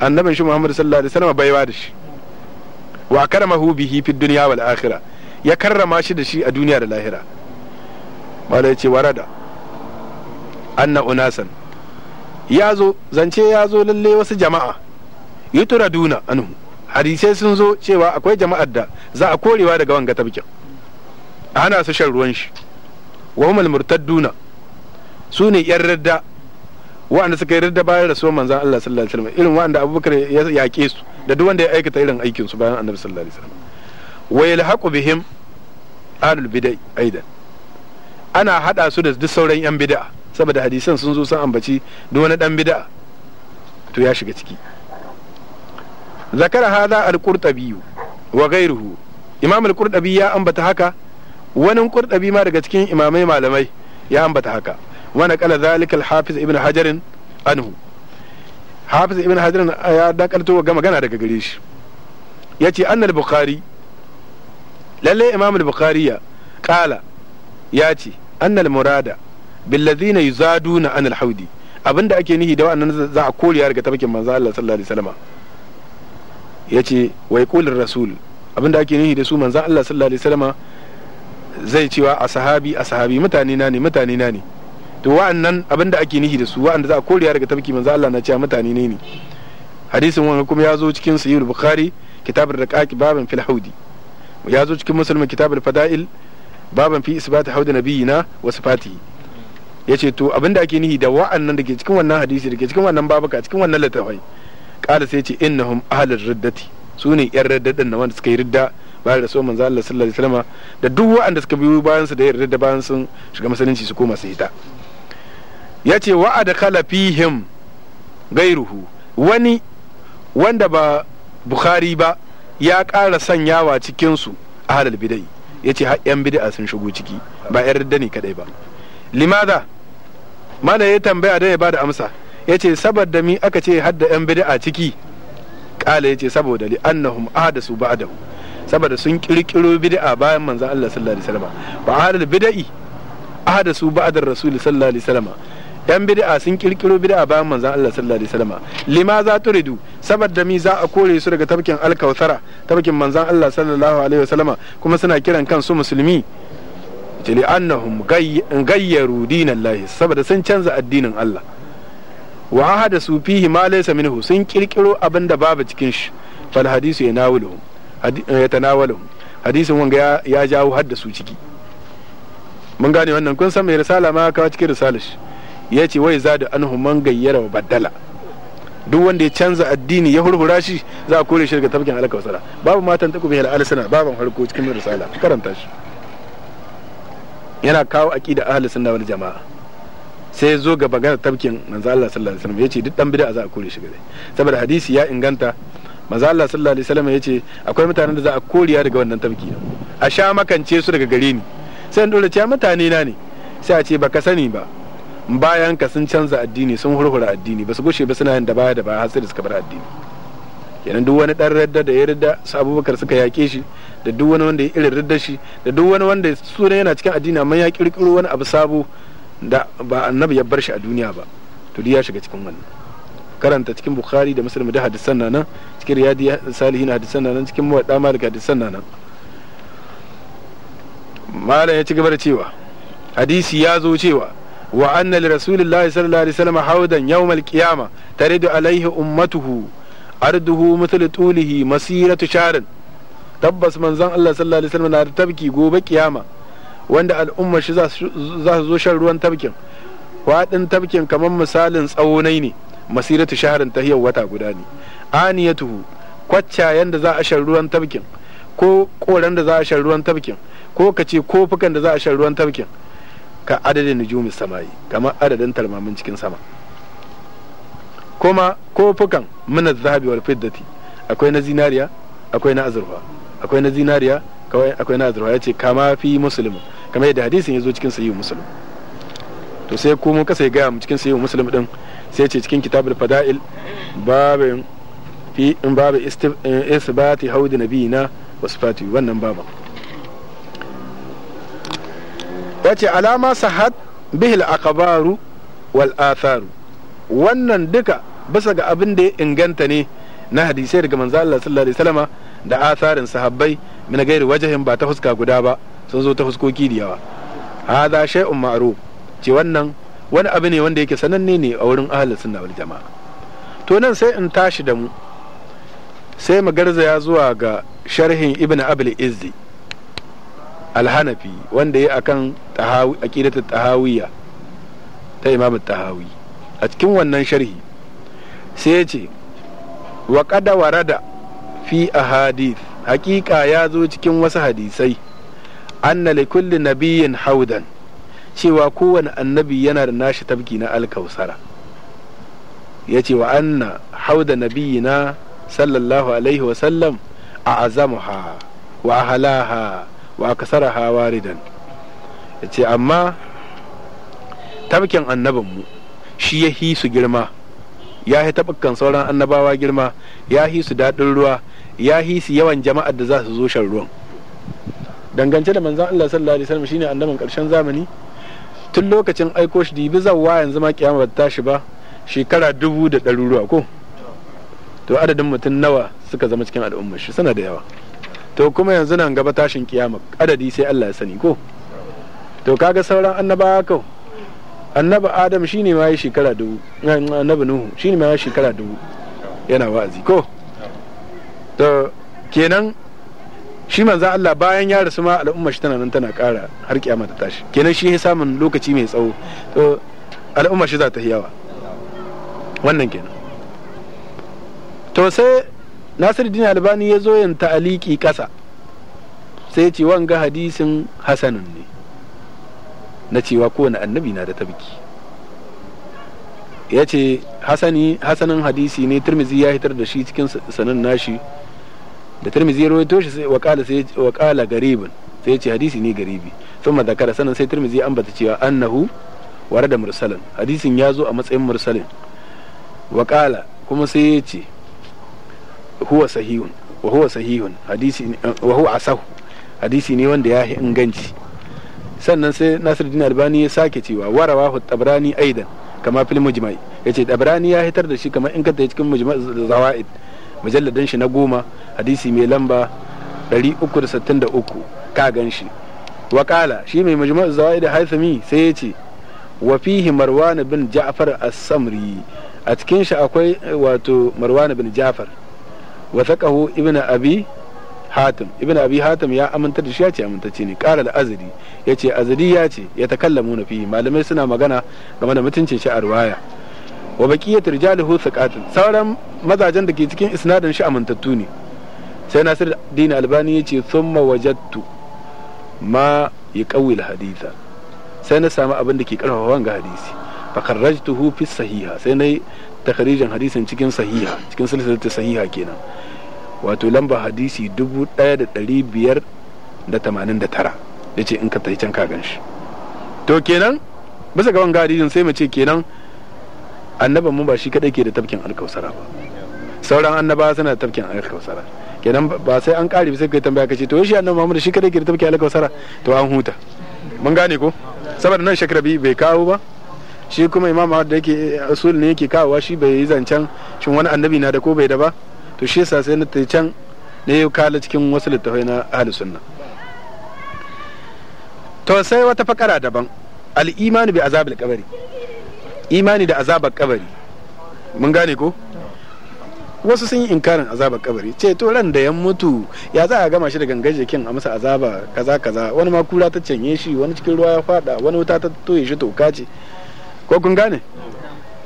annabin shi Muhammad sallallahu alaihi wasallam baiwa da shi wa karamahu bihi fi dunya wal akhirah ya karrama shi da shi a duniya da lahira malai ce warada anna unasan ya zo zance ya zo lalle wasu jama'a duna anhu hadisai sun zo cewa akwai jama'ar da za a korewa daga wanga tabkin ana su shan ruwan shi wa humal murtadduna su ne yan radda wa'anda suka yi radda bayan rasuwar manzan Allah sallallahu alaihi wasallam irin wa'anda Abubakar ya yaƙe su da duk wanda ya aikata irin aikin su bayan Annabi sallallahu alaihi wasallam wa yalhaqu bihim ahlul bid'ah aidan ana hada su da duk sauran yan bid'a saboda hadisan sun zo sun ambaci duk wani dan bid'a to ya shiga ciki zakara hada al qurtabi wa ghayruhu imam al qurtabi ya ambata haka wani qurtabi ma daga cikin imamai malamai ya ambata haka wani kala zalika al-hafiz ibn hajarin anhu hafiz ibn hajarin ya dakalto ga magana daga gare shi yace annal bukhari lalle imam al-bukhari ya kala ya ce annal murada billazina yuzaduna anil haudi abinda ake nihi da wannan za a koriya daga tabakin manzo Allah sallallahu alaihi wasallam yace wai yaqulur rasul abinda ake nihi da su manzo Allah sallallahu alaihi wasallam zai cewa a sahabi a sahabi mutane na ne mutane na ne to wa'annan abinda ake nihi da su wa'anda za a koriya daga tabakin manzo Allah na cewa mutane ne ne hadisin wannan kuma ya zo cikin sahih bukhari kitab ar-raqaq baban fil haudi ya zo cikin muslim kitab fadail baban fi isbat haudi nabiyina wa sifatihi ya ce to da ake nihi da wa'annan da ke cikin wannan hadisi da ke cikin wannan babuka cikin wannan littafai kala sai ce innahum ahlul riddati su ne yan raddadin nan wanda suka yi ridda bayan da so manzo Allah sallallahu alaihi wasallam da duk wa'anda suka biyo bayan su da yin ridda bayan sun shiga musulunci su koma su hita ya ce wa'ada kala fihim gairuhu wani wanda ba bukhari ba ya ƙara sanyawa cikinsu su ahlul bidai ya ce yan bid'a sun shigo ciki ba yan ridda ne kadai ba limada mana ya tambaya da ya bada amsa ya ce saboda mi aka ce hadda yan bid'a ciki kala ya ce saboda li annahum su ba'dahu saboda sun kirkiro bid'a bayan manzon Allah sallallahu alaihi wasallam ba hadal bid'i su ba'da rasul sallallahu alaihi wasallam yan bid'a sun kirkiro bid'a bayan manzon Allah sallallahu alaihi wasallam lima za turidu saboda mi za a kore su daga tafkin alkautsara tafkin manzon Allah sallallahu alaihi wasallam kuma suna kiran kansu musulmi ce li'annahum gayyaru dinan lahi saboda sun canza addinin Allah wa ahada su fihi ma laysa minhu sun kirkiro abin da babu cikin shi fal hadisu yanawiluhum eh, ya tanawaluhum hadisin wanga ya jawo hadda su ciki mun gane wannan kun san mai risala ma kawo cikin risalar shi ya ce wai zadu anhum man gayyara wa baddala duk wanda ya canza addini ya hurhura shi za a kore shi daga tafkin alkawasara babu matan takubi al'alisana baban harko cikin risala karanta shi yana kawo aqida ahli sunna wal jama'a sai zo ga bagana tabkin manzo Allah sallallahu alaihi wasallam yace duk dan bid'a za a kore shi gare saboda hadisi ya inganta manzo Allah sallallahu alaihi wasallam yace akwai mutanen da za a koriya daga wannan tabki a sha makance su daga gare ni sai an dole cewa mutane na ne sai a ce baka sani ba bayan ka sun canza addini sun hurhura addini ba su gushe ba suna yin da baya da baya har sai da suka bar addini kenan duk wani dan radda da ya radda su abubakar suka yaƙe shi da duk wani wanda ya irin radda shi da duk wani wanda suna yana cikin addini amma ya kirkiro wani abu sabo da ba annabi ya bar shi a duniya ba to ya shiga cikin wannan karanta cikin bukhari da muslim da hadisan nan cikin riyadi salihin hadisan nan cikin muwadda malik hadisan nan malam ya ci gaba da cewa hadisi ya zo cewa wa anna li rasulillahi sallallahu alaihi wasallam haudan yawmal qiyamah taridu alaihi ummatuhu arduhu misal tulihi masiratu sharin tabbas manzon Allah sallallahu alaihi wasallam na da tabki gobe kiyama wanda al'umma shi za su zo shan ruwan tabkin faɗin tabkin kamar misalin tsawonai ne masiratu shaharin ta hiyar wata guda ne aniyatuhu kwaccayen da za a shan ruwan tabkin ko koran da za a shan ruwan tabkin ko ka ce kofukan da za a shan ruwan tabkin ka adadin nujumin samayi kamar adadin tarmamin cikin sama kuma kofukan min zahabi wal fiddati akwai na zinariya akwai na azurfa akwai na zinariya kawai akwai na azurfa yace kama fi muslim kama yadda hadisin ya zo cikin sahihu muslim to sai ko mun kasa ya gaya mu cikin sahihu muslim din sai ce cikin kitabul fada'il babin fi in babu eh, isbati haud nabina wa sifati wannan babu yace alama sahat bihil akabaru wal atharu wannan duka bisa ga abin da ya inganta ne na hadisai daga manzo Allah sallallahu alaihi wasallama da asarin sahabbai min gairi wajahin ba ta fuska guda ba sun zo ta fuskoki da yawa hada shay'un ma'ruf ce wannan wani abu ne wanda yake sananne ne a wurin ahli sunna wal jama'a to nan sai in tashi da mu sai mu garzaya zuwa ga sharhin ibnu abul izzi hanafi wanda ya akan aqidatu tahawiyya ta imam tahawi a cikin wannan sharhi sai ya ce wa kada warada fi hadith hakika ya zo cikin wasu hadisai anna li kulli nabiyyin haudan cewa kowane annabi yana da nashi tabki na alkausara ya ce wa anna hauda nabiyina sallallahu alaihi wasallam a azamuha wa halaha wa kasaraha waridan ya ce amma tabkin annabinmu shi ya hi su girma ya hi taɓukan sauran annabawa girma ya hi su daɗin ruwa ya hi su yawan jama'ar da za su zo shan ruwan dangance da manzan Allah sallallahu alaihi wasallam shine annabin ƙarshen zamani tun lokacin aiko shi dibi zawwa yanzu ma kiyama bata tashi ba shekara dubu da ɗaruruwa ko to adadin mutum nawa suka zama cikin al'ummar shi suna da yawa to kuma yanzu nan gaba tashin kiyama adadi sai Allah ya sani ko to kaga sauran annabawa kawai annabi adam shine ma ya shekara dubu annabi nuhu shine ma ya shekara dubu yana wa'azi ko to kenan shi manzo Allah bayan ya rasu ma al'umma shi tana nan tana ƙara har kiyama ta tashi kenan shi ya samun lokaci mai tsawo to al'umma shi za ta yawa wannan kenan to sai Nasiruddin Albani ya zo yin ta'aliki ƙasa sai ya ce wanga hadisin hasanin ne na cewa kowane annabi na da tabiki ya ce hasanin hadisi ne turmizi ya hitar da shi cikin sanin nashi da turmizi ya rawaito shi wakala sai wakala garibin sai ya ce hadisi ne garibi Sun zakara sanin sai turmizi ambata cewa annahu ware da mursalin hadisin ya zo a matsayin mursalin wakala kuma sai ya ce huwa sahihun wa huwa sahihun hadisi hadisi ne wanda ya inganci sannan sai nasiruddin albani ya sake cewa warawa tabrani aidan kama fil mujma'i yace tabrani ya hitar da shi kamar in kanta ta cikin mujma'i zawaid mujalladin shi na goma hadisi mai lamba 363 ka gan shi wakala shi mai mujma'i zawaid haifami sai yace ce wa fihi marwan bin ja'far as-samri a cikin shi akwai wato Marwana bin ja'far wa thaqahu ibnu abi hatim ibn abi hatim ya aminta da shi ya ce amintacce ne ƙara da azadi ya ce azadi ya ce ya takallamu na fiye malamai suna magana game da mutuncin shi a ruwaya wa baqiyatu rijalihu thiqatun sauran mazajen da ke cikin isnadin shi amintattu ne sai nasir dini albani ya ce sun wajattu ma ya kawil haditha sai na sami abin da ke karfafa wanga hadisi fa kharrajtuhu fi sahiha sai na yi takarijin hadisin cikin sahiha cikin silsilatu sahiha kenan wato lamba hadisi 1589 ce in ka tai can ka gan shi to kenan bisa ga wanga hadisin sai mu ce kenan annaban mu ba shi kadai ke da tafkin alkausara ba sauran annaba suna da tafkin alkausara kenan ba sai an kare sai kai tambaya kace to shi annabi Muhammad shi kadai ke da tafkin alkausara to an huta mun gane ko saboda nan shakrabi bai kawo ba shi kuma imam da yake asul ne yake kawowa shi bai yi zancen shin wani annabi na da ko bai da ba to shi yasa sai na ta can na yi kala cikin wasu littafai na ahli sunna to sai wata fakara daban al'imani bi azabil kabari imani da azabar kabari mun gane ko wasu sun yi inkarin azabar kabari ce to ran da ya mutu ya za a gama shi da gangaje jikin a masa azaba kaza kaza wani ma kura ta canye shi wani cikin ruwa ya fada wani wuta ta toye shi toka ce ko kun gane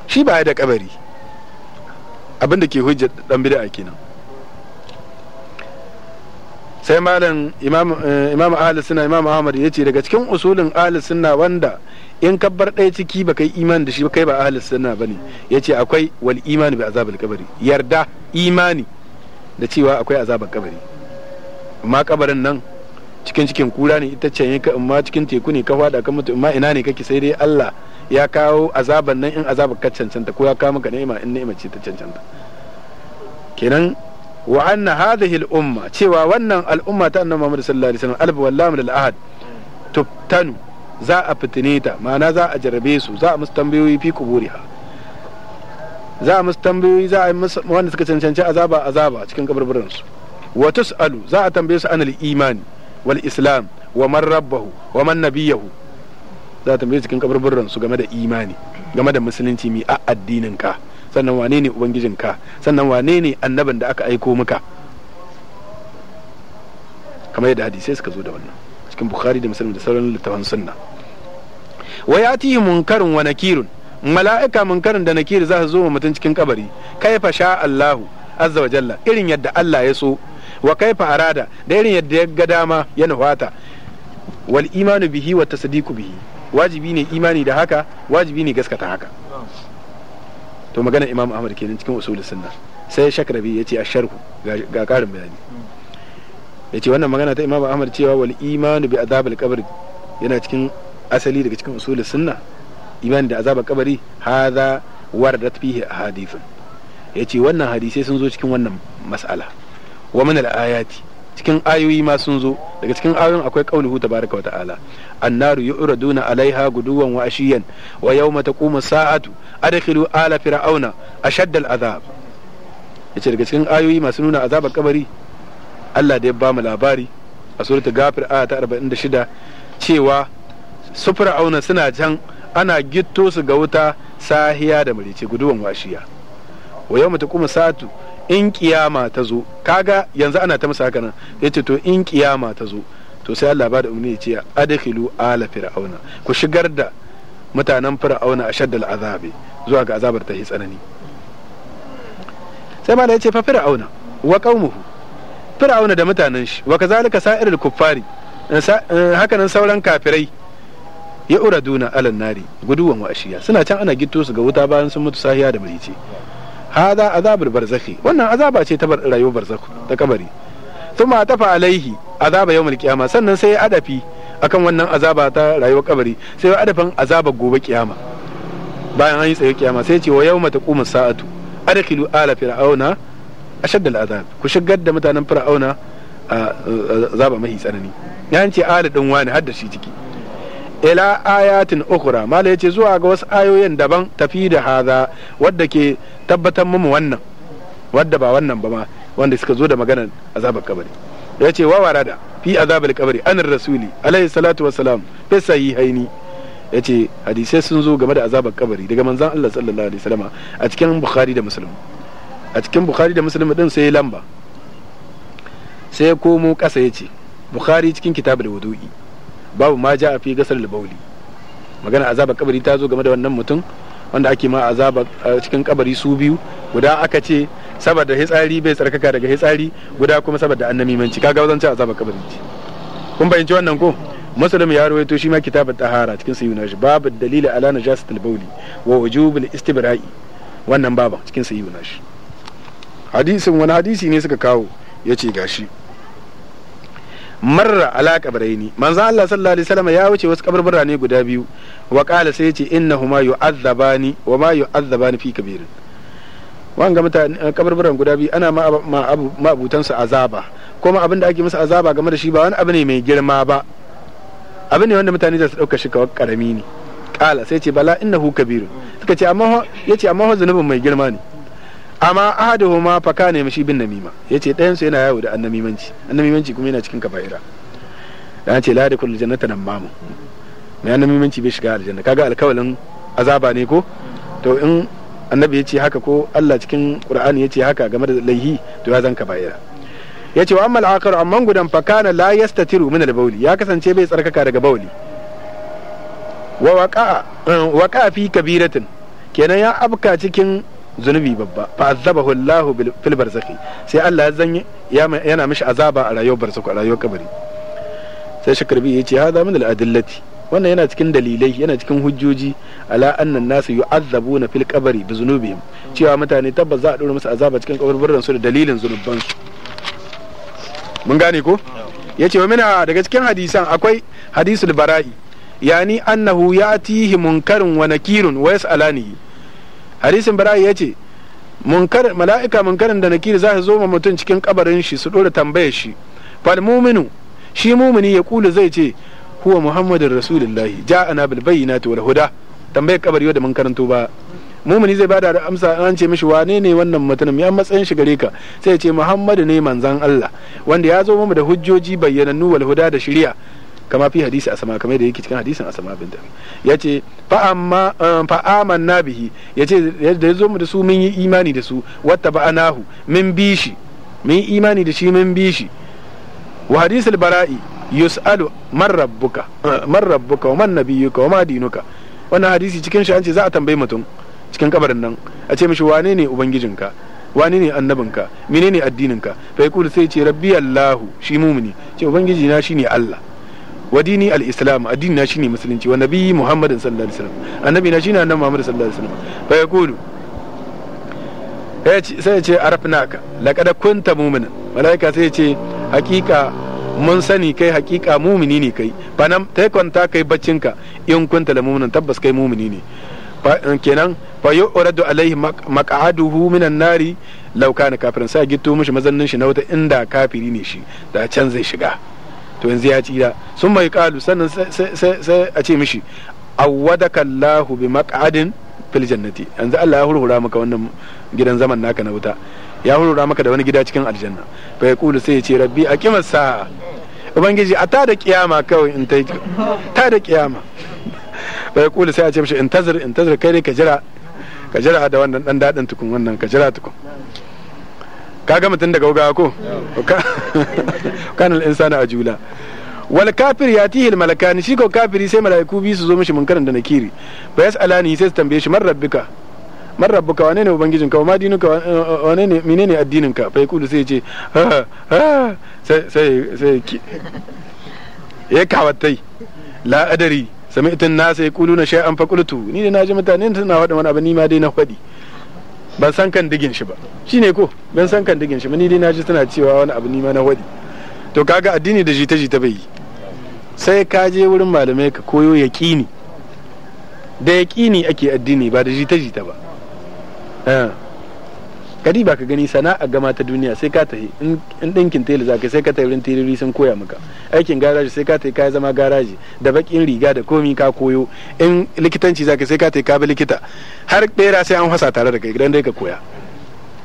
shi ba ya da kabari abin da ke hujja dan bid'a kenan sai malam imam eh, imam ahli sunna imam ahmad yace daga cikin usulin ahli sunna wanda in kabbar ɗaya ciki ba kai imani da shi kai ba ahli sunna bane yace akwai wal imani bi azabil kabari yarda imani da cewa akwai azabar kabari amma kabarin nan cikin cikin kura ne ita ce in ma cikin teku ne ka fada ka mutu amma ina ne kake sai dai Allah ya kawo azaban nan in azabar ka cancanta ko ya kawo maka ni'ima in ni'ima ce ta cancanta kenan wa anna hadhihi al-umma cewa wannan al'umma ta annabi Muhammad sallallahu alaihi wasallam alba wallahu lil ahad tuftanu za a fitine ta ma'ana za a jarabe su za a musu tambayoyi fi kuburiha za a musu tambayoyi za a yi musu wanda suka cancanci azaba azaba cikin kaburburan su wa tus'alu za a tambaye su anil imani wal islam wa man rabbahu wa man nabiyahu za ta cikin kaburburan su game da imani game da musulunci mi a addinin ka sannan wane ne ubangijin ka sannan wane ne annaban da aka aiko maka kamar yadda hadisai suka zo da wannan cikin bukhari da musulmi da sauran littafan sunna wa yatihi munkarin wa nakirun mala'ika munkarin da nakiri za su zo mutum cikin kabari kaifa sha Allahu azza wa jalla irin yadda Allah ya so wa kaifa arada da irin yadda ya ga dama ya nufata wal imanu bihi wa tasdiqu bihi wajibi ne imani da haka wajibi ne gaskata haka to magana imam ahmad kenan cikin usulul sunna sai shakrabi ya ce a sharhu ga karin bayani ya ce wannan magana ta imam ahmad cewa wal imanu bi azabil qabr yana cikin asali daga cikin usulul sunna imani da azabar kabari hadha waradat fihi ya yace wannan hadisai sun zo cikin wannan mas'ala wa min al ayati cikin ayoyi ma sun zo daga cikin ayoyin akwai kaulihu tabaraka wa ta'ala annaru yu'raduna alaiha guduwan wa ashiyan wa yawma taqumu sa'atu adkhilu ala fir'auna ashadda al'azab yace daga cikin ayoyi masu nuna azabar kabari Allah da ya ba mu labari a suratul ghafir aya ta 46 cewa su fir'auna suna can ana gitto su ga wuta sahiya da marice guduwan washiya wa yawma taqumu sa'atu in kiyama ta zo kaga yanzu ana ta masa hakanan ya yace to in kiyama ta zo to sai Allah ba da umarni ya ce adkhilu ala fir'auna ku shigar da mutanen fir'auna a shaddal azabi zuwa ga azabar ta tsanani sai ma da yace fa fir'auna wa qaumuhu fir'auna da mutanen shi wa kazalika sa'irul kuffari eh, haka nan sauran kafirai ya uraduna alan nari guduwan wa ashiya suna can ana gitto su ga wuta bayan sun mutu sahiya da barici hada azabul barzakhi wannan azaba ce ta rayuwar barzakhu ta kabari thumma tafa alaihi azaba yawmul qiyama sannan sai adafi akan wannan azaba ta rayuwar kabari sai ya adafin azaba gobe kiyama bayan an yi tsaye kiyama sai ce wa yawma taqumu sa'atu adkhilu ala fir'auna ashadda al'azab ku shigar da mutanen fir'auna azaba mai tsanani yan ce ala din wani har da shi ciki ila ayatin ukura mala yace zuwa ga wasu ayoyin daban tafi da haza wadda ke tabbatar mu wannan wadda ba wannan ba ma wanda suka zo da maganar azabar kabari yace wa warada fi azabar kabari anar rasuli alaihi salatu wassalam fi sahihaini yace hadisai sun zo game da azabar kabari daga manzon Allah sallallahu alaihi wasallama a cikin bukhari da muslim a cikin bukhari da muslim din sai lamba sai komo kasa yace bukhari cikin kitabul wudu'i babu ma ja fi gasar libauli magana azabar kabari ta zo game da wannan mutum wanda ake ma azabar cikin kabari su biyu guda aka ce saboda hitsari bai tsarkaka daga hitsari guda kuma saboda annamimanci kaga wajen ce azabar kabari ce kun bayanci wannan ko musulmi ya rawaito shi ma kitabar tahara cikin sayyuna shi babu dalili ala najasatil bauli wa wujubul istibra'i wannan baba cikin sayyuna shi hadisin wani hadisi ne suka kawo yace gashi marra ala kabaraini manzo Allah sallallahu alaihi wasallam ya wuce wasu kaburbura ne guda biyu wa qala sai yace innahuma yu'azzabani wa ma yu'azzabani fi kabirin ga mutane eh, kaburburan guda biyu ana ma abutan su azaba kuma abin da ake musu azaba game da shi ba wani abu ne mai girma ba abu ne wanda mutane za su dauka shi kawai karami ne kala sai yace bala innahu kabirun suka ce amma yace amma zanubin mai girma ne amma ahaduhuma fa kana yamshi bin namima yace ɗayan su yana yawo da annamimanci annamimanci kuma yana cikin kaba'ira dan ce la da kullu jannata nan mamu mai annamimanci bai shiga aljanna kaga alkawalin azaba ne ko to in annabi ya ce haka ko Allah cikin Qur'ani ya ce haka game da laihi to ya zan kafaira ya ce wa amma al'akaru amma gudan fakana la yastatiru min al ya kasance bai tsarkaka daga bawli wa waqa waqa fi kabiratin kenan ya abka cikin zunubi babba fa azabahu Allah fil barzakhi sai Allah ya zanye yana mishi azaba a rayuwar barzakhu a rayuwar kabari sai shakarbi ya ce hada min al-adillati wannan yana cikin dalilai yana cikin hujjoji ala annan nasu yu'azzabuna fil qabri bi zunubihim cewa mutane tabbas za a dora musu azaba cikin kaburburan su da dalilin zunuban su mun gane ko yace wa mina daga cikin hadisan akwai hadisul bara'i yani annahu ya'tihi munkarun wa nakirun wa yas'alanihi hadisin bara'i ya ce mala'ika munkarin da nakiri za su zo ma mutum cikin kabarin shi su dora tambayar shi fal muminu shi mumini ya kula zai ce huwa muhammadin rasulullahi ja'ana bil ta wal huda tambayar kabari da mun karanto ba mumini zai bada amsa an ce mishi wane ne wannan mutumin ya matsayin shi gare ka sai ya ce muhammadu ne manzan Allah wanda ya zo mu da hujjoji bayyanannu wal huda da shari'a kama fi hadisi asama kamar da yake cikin hadisin asama bin dami ya ce um, fa amanna bihi ya ce da ya zo mu da su mun yi imani da su wata anahu min bishi mun yi imani da shi mun bishi wa hadisul bara'i yus'alu man rabbuka man rabbuka wa man nabiyyuka wa ma dinuka wannan hadisi cikin shi an ce za a tambayi mutum cikin kabarin nan a ce mishi wane ne ubangijinka wane ne annabinka menene addininka fa yaqulu sai ce rabbi allah shi mumini ce ubangiji na shine allah wadini al-islam addini na shine musulunci wa nabi muhammadin sallallahu alaihi wasallam annabi na shine annabi muhammadin sallallahu alaihi wasallam fa yaqulu sai ya ce arafnaka laqad kunta mu'mina malaika sai ya ce hakika mun sani kai hakika mumini ne kai fanam ta kwanta kai baccinka in kunta la mu'minin tabbas kai mumini ne eh, kenan fa yu'radu alaihi maq'aduhu minan nari law kana kafiran sai gitto mishi mazannin shi na wata inda kafiri ne shi da can zai shiga to yanzu ya tsira sun mai kalu sannan sai a ce mishi awwadaka kallahu bi maq'adin fil jannati yanzu Allah ya hurhura maka wannan gidan zaman naka na wuta ya hurhura maka da wani gida cikin aljanna fa yaqulu sai ya ce rabbi aqimas sa ubangiji a tada kiyama kawai in ta tada kiyama fa yaqulu sai ya ce mishi intazir intazir kai ne ka jira ka jira da wannan dan dadin tukun wannan ka jira tukun kaga mutum daga wuga ko kanal insana a jula wal kafir ya tihil malakani shi ko kafiri sai mala'iku bi su zo mishi munkarin da nakiri fa yas'alani sai su tambaye shi man rabbika man rabbuka wane ne ubangijin ka ma dinuka wane ne menene addinin ka fa yakulu sai ce sai sai sai ya kawatai la adari sami'tu an-nas yaquluna shay'an fa qultu ni ne ji mutane suna faɗin wani abu ni ma dai na faɗi ban san kan digin shi ba shi ne ko ban san kan digin shi ba ni dai na ji tana cewa wani abu nima na wadi to kaga addini da jita jita bai yi sai ka je wurin malamai ka koyo yaqini da yaqini ake addini ba da jita jita ba eh. kadi ba ka gani sana'a gama ta duniya sai ka tafi in ɗinkin tele za ka sai ka tafi wurin tiriri sun koya maka aikin garaji sai ka tafi ka zama garaji da bakin riga da komi ka koyo in likitanci za ka sai ka tafi ka bi likita har bera sai an hasa tare da kai idan dai ka koya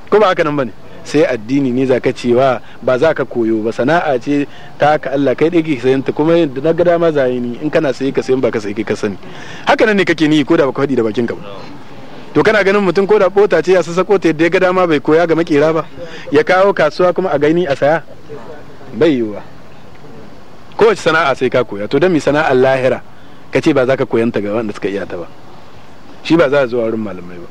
ko ba haka nan bane sai addini ne za ka cewa ba za ka koyo ba sana'a ce ta haka Allah kai ɗaya ka sayanta kuma da na ga dama zayi ni in kana sayi ka sayan ba ka sayi ka sani haka nan ne kake ni ko da ba ka faɗi da bakin ka ba to kana ganin mutum ko da bota ce ya sassako ta yadda ya ga dama bai koya ga makera ba ya kawo kasuwa kuma a gani a saya bai yiwuwa kowace sana'a sai ka koya to don mi sana'a lahira ka ce ba za ka koyanta ga wanda suka iya ta ba shi ba za a zuwa wurin malamai ba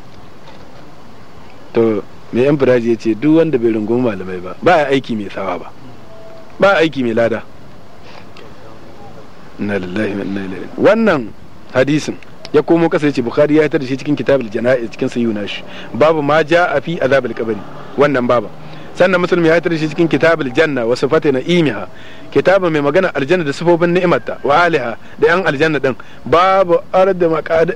to mai yan firaji ya ce duk wanda bai rungumi malamai ba ba aiki mai sawa ba ba aiki mai lada wannan hadisin ya komo kasa yace bukhari ya fitar da shi cikin kitabul janaiz cikin sayyu nashi babu ma a fi azabul qabri wannan baba sannan muslim ya fitar da shi cikin kitabul janna wa sifati imiha kitabun mai magana aljanna da sifofin ni'imarta wa aliha da yan aljanna din babu arda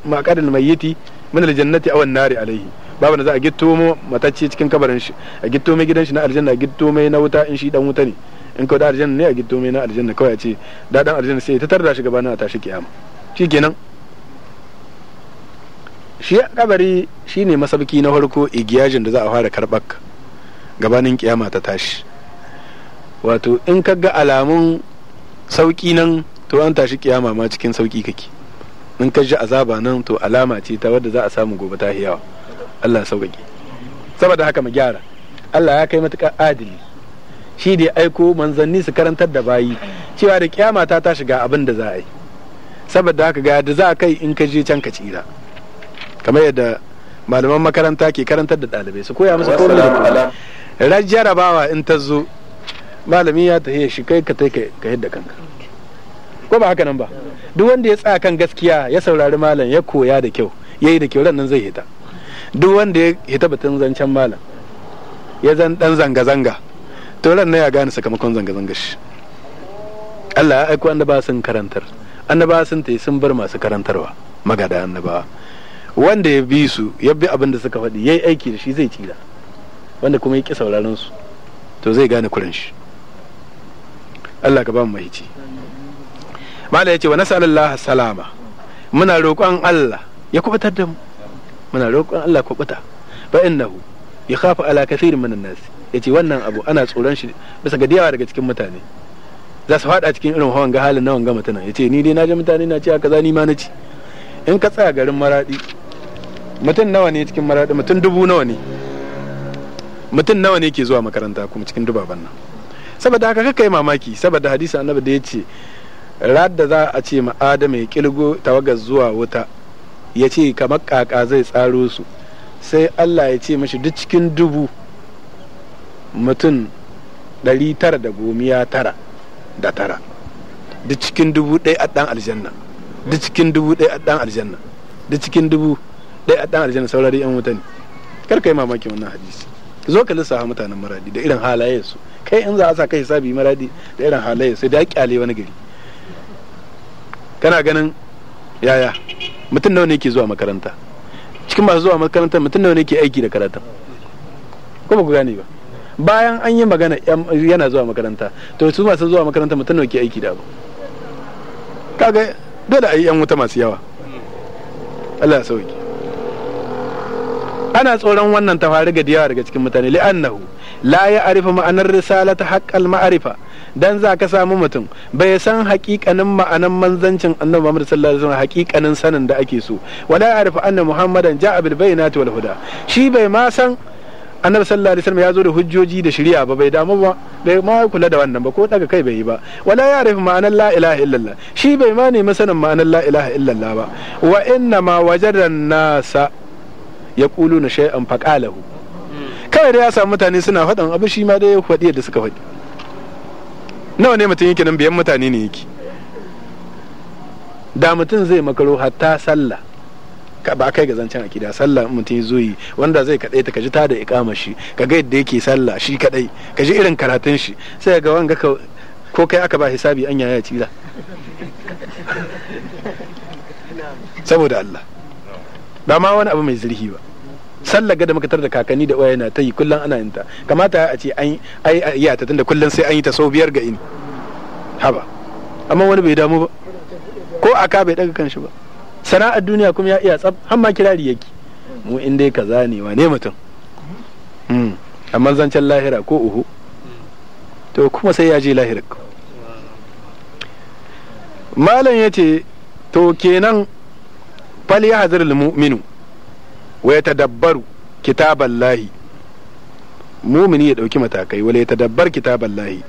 maqadil mayyiti min aljannati aw an-nari alayhi babu da za a gitto mu matacce cikin kabarin shi a gitto mai gidan shi na aljanna a gitto mai na wuta in shi dan wuta ne in ka da aljanna ne a gitto mai na aljanna kawai a ce da dan aljanna sai ta tarda shi gabanin a tashi kiyama shikenan shi kabari shine masabki na farko igiyajin da za a fara karɓar gabanin kiyama ta tashi wato in ka ga alamun sauki nan to an tashi kiyama ma cikin sauki kake in ka ji azaba nan to alama ce ta wadda za a samu gobe ta hiyawa Allah sauƙaƙe saboda haka mu gyara Allah ya kai matuƙar adili shi da aiko manzanni su karantar da bayi cewa da kiyama ta ta shiga abin da za a yi saboda haka ga da za a kai in ka je can ka tsira kamar yadda malaman makaranta ke karantar da ɗalibai su koya musu komai da komai ran jarabawa in ta zo malami ya tafiya shi kai ka tai ka yadda kanka ko ba haka nan ba duk wanda ya tsaya kan gaskiya ya saurari malam ya koya da kyau yayi da kyau nan zai hita duk wanda ya hita batun zancen malam ya zan dan zanga zanga to ran ya gane sakamakon zanga zanga shi Allah ya aiko annabawa sun karantar annabawa sun tayi sun bar masu karantarwa magada annabawa wanda ya bi su ya bi abin da suka faɗi ya yi aiki da shi zai tila wanda kuma ya ƙi sauraron su to zai gane kuran shi Allah ka ba mu mahici mala ce wa nas'alullaha salama muna roƙon Allah ya kubutar da mu muna roƙon Allah kubuta fa innahu yakhafu ala kathirin nasi nas ce wannan abu ana tsoron shi bisa ga yawa daga cikin mutane za su faɗa cikin irin hawan ga halin na wanga mutanen ce ni dai na ji mutane na ce haka za ni ma na ci in ka tsaya garin maradi mutum nawa ne cikin maraɗi mutum dubu nawa ne mutum nawa ne ke zuwa makaranta kuma cikin dubaban nan saboda haka kaka yi mamaki saboda hadisi annabi da ya ce da za a ce ma adama ya kilgo tawagar zuwa wuta ya ce kamar kaka zai tsaro su sai allah ya ce mashi duk cikin dubu mutum ɗari tara da gomiya tara da tara duk cikin dubu ɗaya a ɗan aljanna duk cikin dubu ɗaya a ɗan aljanna duk cikin dubu dai dan aljanna saurari yan wuta ne kar kai mamaki wannan hadisi zo ka lissafa mutanen maradi da irin halaye su kai in za a sa kai hisabi maradi da irin halaye su da kyale wani gari kana ganin yaya mutum nawa ne ke zuwa makaranta cikin masu zuwa makaranta mutum nawa ne ke aiki da karatun ko ba ku gane ba bayan an yi magana yana zuwa makaranta to su masu zuwa makaranta mutum nawa ke aiki da abu kaga dole a yi yan wuta masu yawa Allah ya sauki ana tsoron wannan ta faru ga diyawa daga cikin mutane li'annahu la ya arifa ma'anar risala ta haƙƙal ma'arifa dan za ka samu mutum bai san haƙiƙanin ma'anan manzancin annabi Muhammad sallallahu alaihi wasallam haƙiƙanin sanin da ake so wala ya arifa anna muhammadan ja'a bil bayyinati wal huda shi bai ma san annabi sallallahu alaihi wasallam ya zo da hujjoji da shari'a ba bai damu ba bai ma kula da wannan ba ko daga kai bai yi ba wala ya arifa ma'anar la ilaha illallah shi bai ma nemi sanin ma'anar la ilaha illallah ba wa inna ma wajadan nasa ya kulu na shay'an faqalahu kawai da ya samu mutane suna faɗin abu shi ma dai ya faɗi yadda suka faɗi nawa ne mutum yake nan biyan mutane ne yake da mutum zai makaro hatta sallah ba kai ga zancen akida sallah mutum ya zoyi wanda zai kadai ta kaji ta da ikama shi ka ga yadda yake sallah shi kadai ka ji irin karatun shi sai ga wanga ka ko kai aka ba hisabi an yaya cira saboda Allah ba ma wani abu mai zirhi ba sallar da muka tar da kakanni da uwaye na ta yi kullum ana yin ta kamata a ce an ai ya ta tunda kullum sai an yi ta sau biyar ga ini haba amma wani bai damu ba ko aka bai daga kanshi ba sana'ar duniya kuma ya iya tsab har ma kirari yake mu in dai kaza ne wane mutum hmm. amma zancen lahira ko uhu to kuma sai ya je lahira malam ya ce to kenan fal ya al minu wa ya tadabbaru lahi. mumini ya dauki matakai wa ya tadabbar lahi.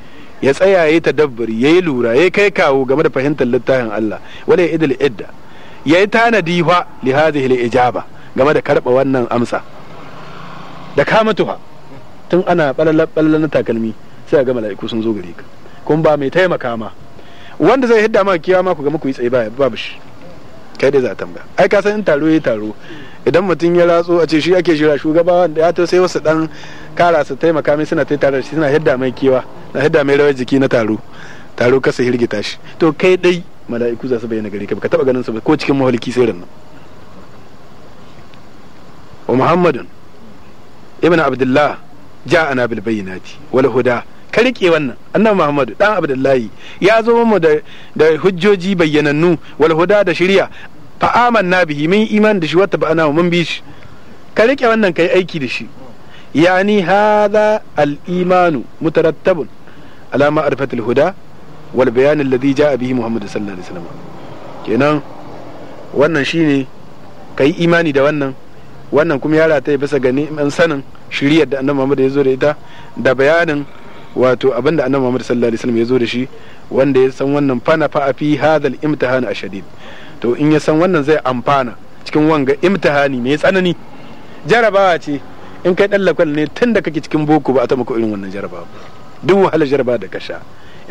ya tsaya ya tadabbari ya yi lura ya kai kawo game da fahimtar littafin Allah wa ya idil idda ya yi tanadi fa li hadhihi al ijaba game da karba wannan amsa da kamatuha tun ana ɓalala na takalmi sai ga mala'iku sun zo gare ka kun ba mai taimaka ma wanda zai hidda ma kiyama ku ga muku yi tsaye ba babu shi kai dai za tambaya ai ka san in taro yayi taro idan mutum ya ratso a ce shi ake shira shugaba da ya to sai wasu dan kara su taimaka mai suna tare shi suna yadda mai kewa na yadda mai rawar jiki na taro taro kasa hirgita shi to kai dai mala'iku za su bayyana gare ka ka taba ganin su ba ko cikin mahalki sai ranna wa muhammadun ibn abdullah ja'ana bil bayyinati wal huda ka riƙe wannan annabi muhammadu dan abdullahi ya zo mu da hujjoji bayyanannu wal huda da shirya fa amanna bihi min iman da shi wata ba ana mun bi shi ka rike wannan kai aiki da shi yani hadha al-imanu mutarattabun ala ma'rifati al-huda wal bayan alladhi ja'a bihi Muhammad sallallahu alaihi wasallam kenan wannan shine kai imani da wannan wannan kuma ya rataye bisa ga neman sanin shiriyar da annabi Muhammad ya zo da ita da bayanin wato abin da annabi Muhammad sallallahu alaihi wasallam ya zo da shi wanda ya san wannan fana fa fi hadha al-imtihan ashadid to in ya san wannan zai amfana cikin wanga imtihani mai tsanani jarabawa ce in kai dan lakwal ne tun da kake cikin boko ba a taɓa irin wannan jarabawa duk wahalar jaraba da ka sha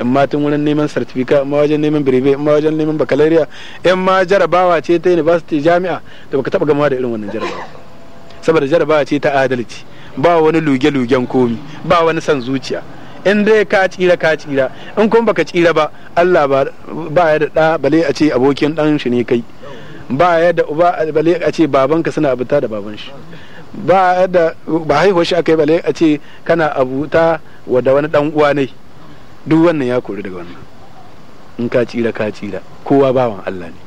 in ma tun wurin neman certificate in ma wajen neman birbe in ma wajen neman bakalariya in ma jarabawa ce ta university jami'a da baka taɓa gama da irin wannan jarabawa saboda jarabawa ce ta adalci ba wani luge-lugen komi ba wani san zuciya in dai ka tsira ka tsira in kuma baka tsira ba Allah ba ya da ɗa bale a ce abokin dan shi ne kai ba ya da uba bale a ce babanka suna abuta da baban shi ba da ba haihuwar shi akai yi bale a ce kana abuta wa da wani dan uwa ne duk wannan ya kori daga wannan in ka tsira ka tsira kowa bawan Allah ne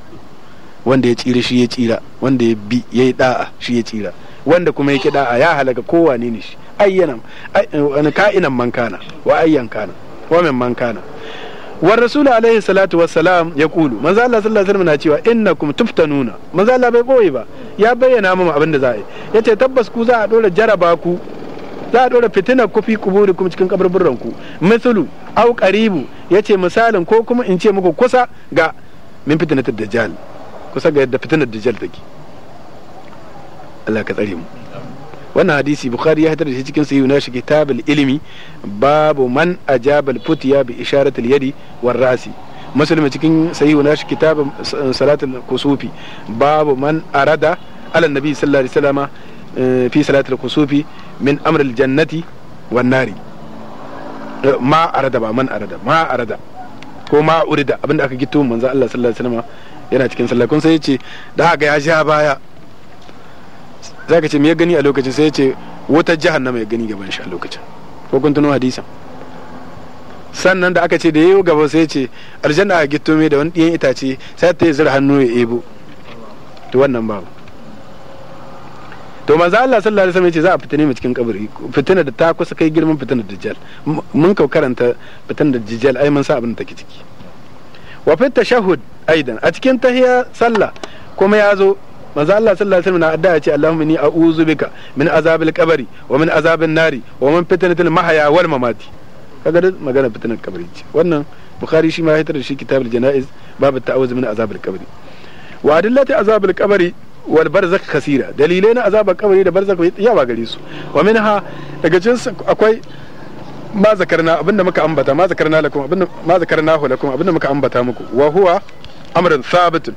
wanda ya tsira shi ya tsira wanda ya bi ya yi da'a shi ya tsira wanda kuma yake da'a ya halaka kowa ne shi ayyanan ka'inan man kana wa ayyan kana wa min man kana wa rasul alaihi salatu wassalam ya kulu manzo Allah sallallahu alaihi wasallam na cewa innakum tuftanuna manzo Allah bai boye ba ya bayyana mu abin da za a yi yace tabbas ku za a dora jaraba ku za a dora fitinar ku fi kuma cikin kaburburan ku misalu au qaribu yace misalin ko kuma in ce muku kusa ga min fitinatul dajjal kusa ga yadda fitinar dajjal take Allah ka tsare mu wannan hadisi bukhari ya hatar da shi cikin sahihu na shi kitabul ilimi babu man ajabal futiya bi isharatul yadi war rasi muslim cikin sahihu na shi kitabul eh, salatul kusufi babu man arada ala nabi sallallahu alaihi wasallam eh, fi salatul kusufi min amril jannati wan nari eh, ma arada ba man arada ma arada ko ma urida abinda aka gito manzo Allah sallallahu alaihi wasallam yana cikin sallah kun sai yace da haka ya sha baya za ka ce me ya gani a lokacin sai ya ce wata jahannama ya gani gaban shi a lokacin ko kun tuno hadisan sannan da aka ce da yayi gaba sai ya ce aljanna a gitto mai da wani ɗiyan itace sai ta yi zira hannu ya ebo to wannan babu to manzo Allah sallallahu alaihi wasallam ya ce za a fitine mu cikin kabari fitina da ta kusa kai girman fitinar dajjal mun kau karanta fitinar dajjal ai mun sa abin da take ciki wa fit tashahhud aidan a cikin tahiya sallah kuma ya zo manzo Allah sallallahu alaihi wasallam na addu'a ce Allahumma inni a'udhu bika min azabil qabri wa min azabin nari wa min fitnatil mahya wal mamati kaga da magana fitnar kabari ce wannan bukhari shi ma hitar da shi kitabul janaiz babu ta'awuz min azabil qabri wa adillati azabil qabri wal barzakh kasira dalilai na azabar kabari da barzakh yawa gare su wa minha daga cikin akwai ma zakarna abinda muka ambata ma zakarna lakum abinda ma zakarna lakum abinda muka ambata muku wa huwa amrun thabitun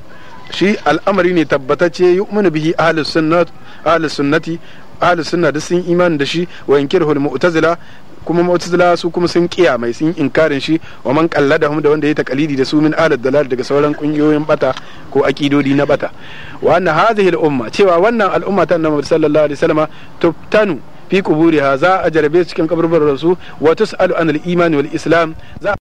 shi al'amari ne tabbatacce yu'minu bihi ahlus sunnat ahlus sunnati ahlus sunna sun imani da shi wa yankirhu mu'tazila kuma mu'tazila su kuma sun kiya mai sun inkarin shi wa man qalladahum da wanda ya taqalidi da su min ahlud dalal daga sauran kungiyoyin bata ko akidodi na bata wa anna hadhihi al-umma cewa wannan al'umma ta annabi sallallahu alaihi wasallama tubtanu fi quburiha za a jarabe cikin kaburbar rasu wa tus'alu anil iman wal islam za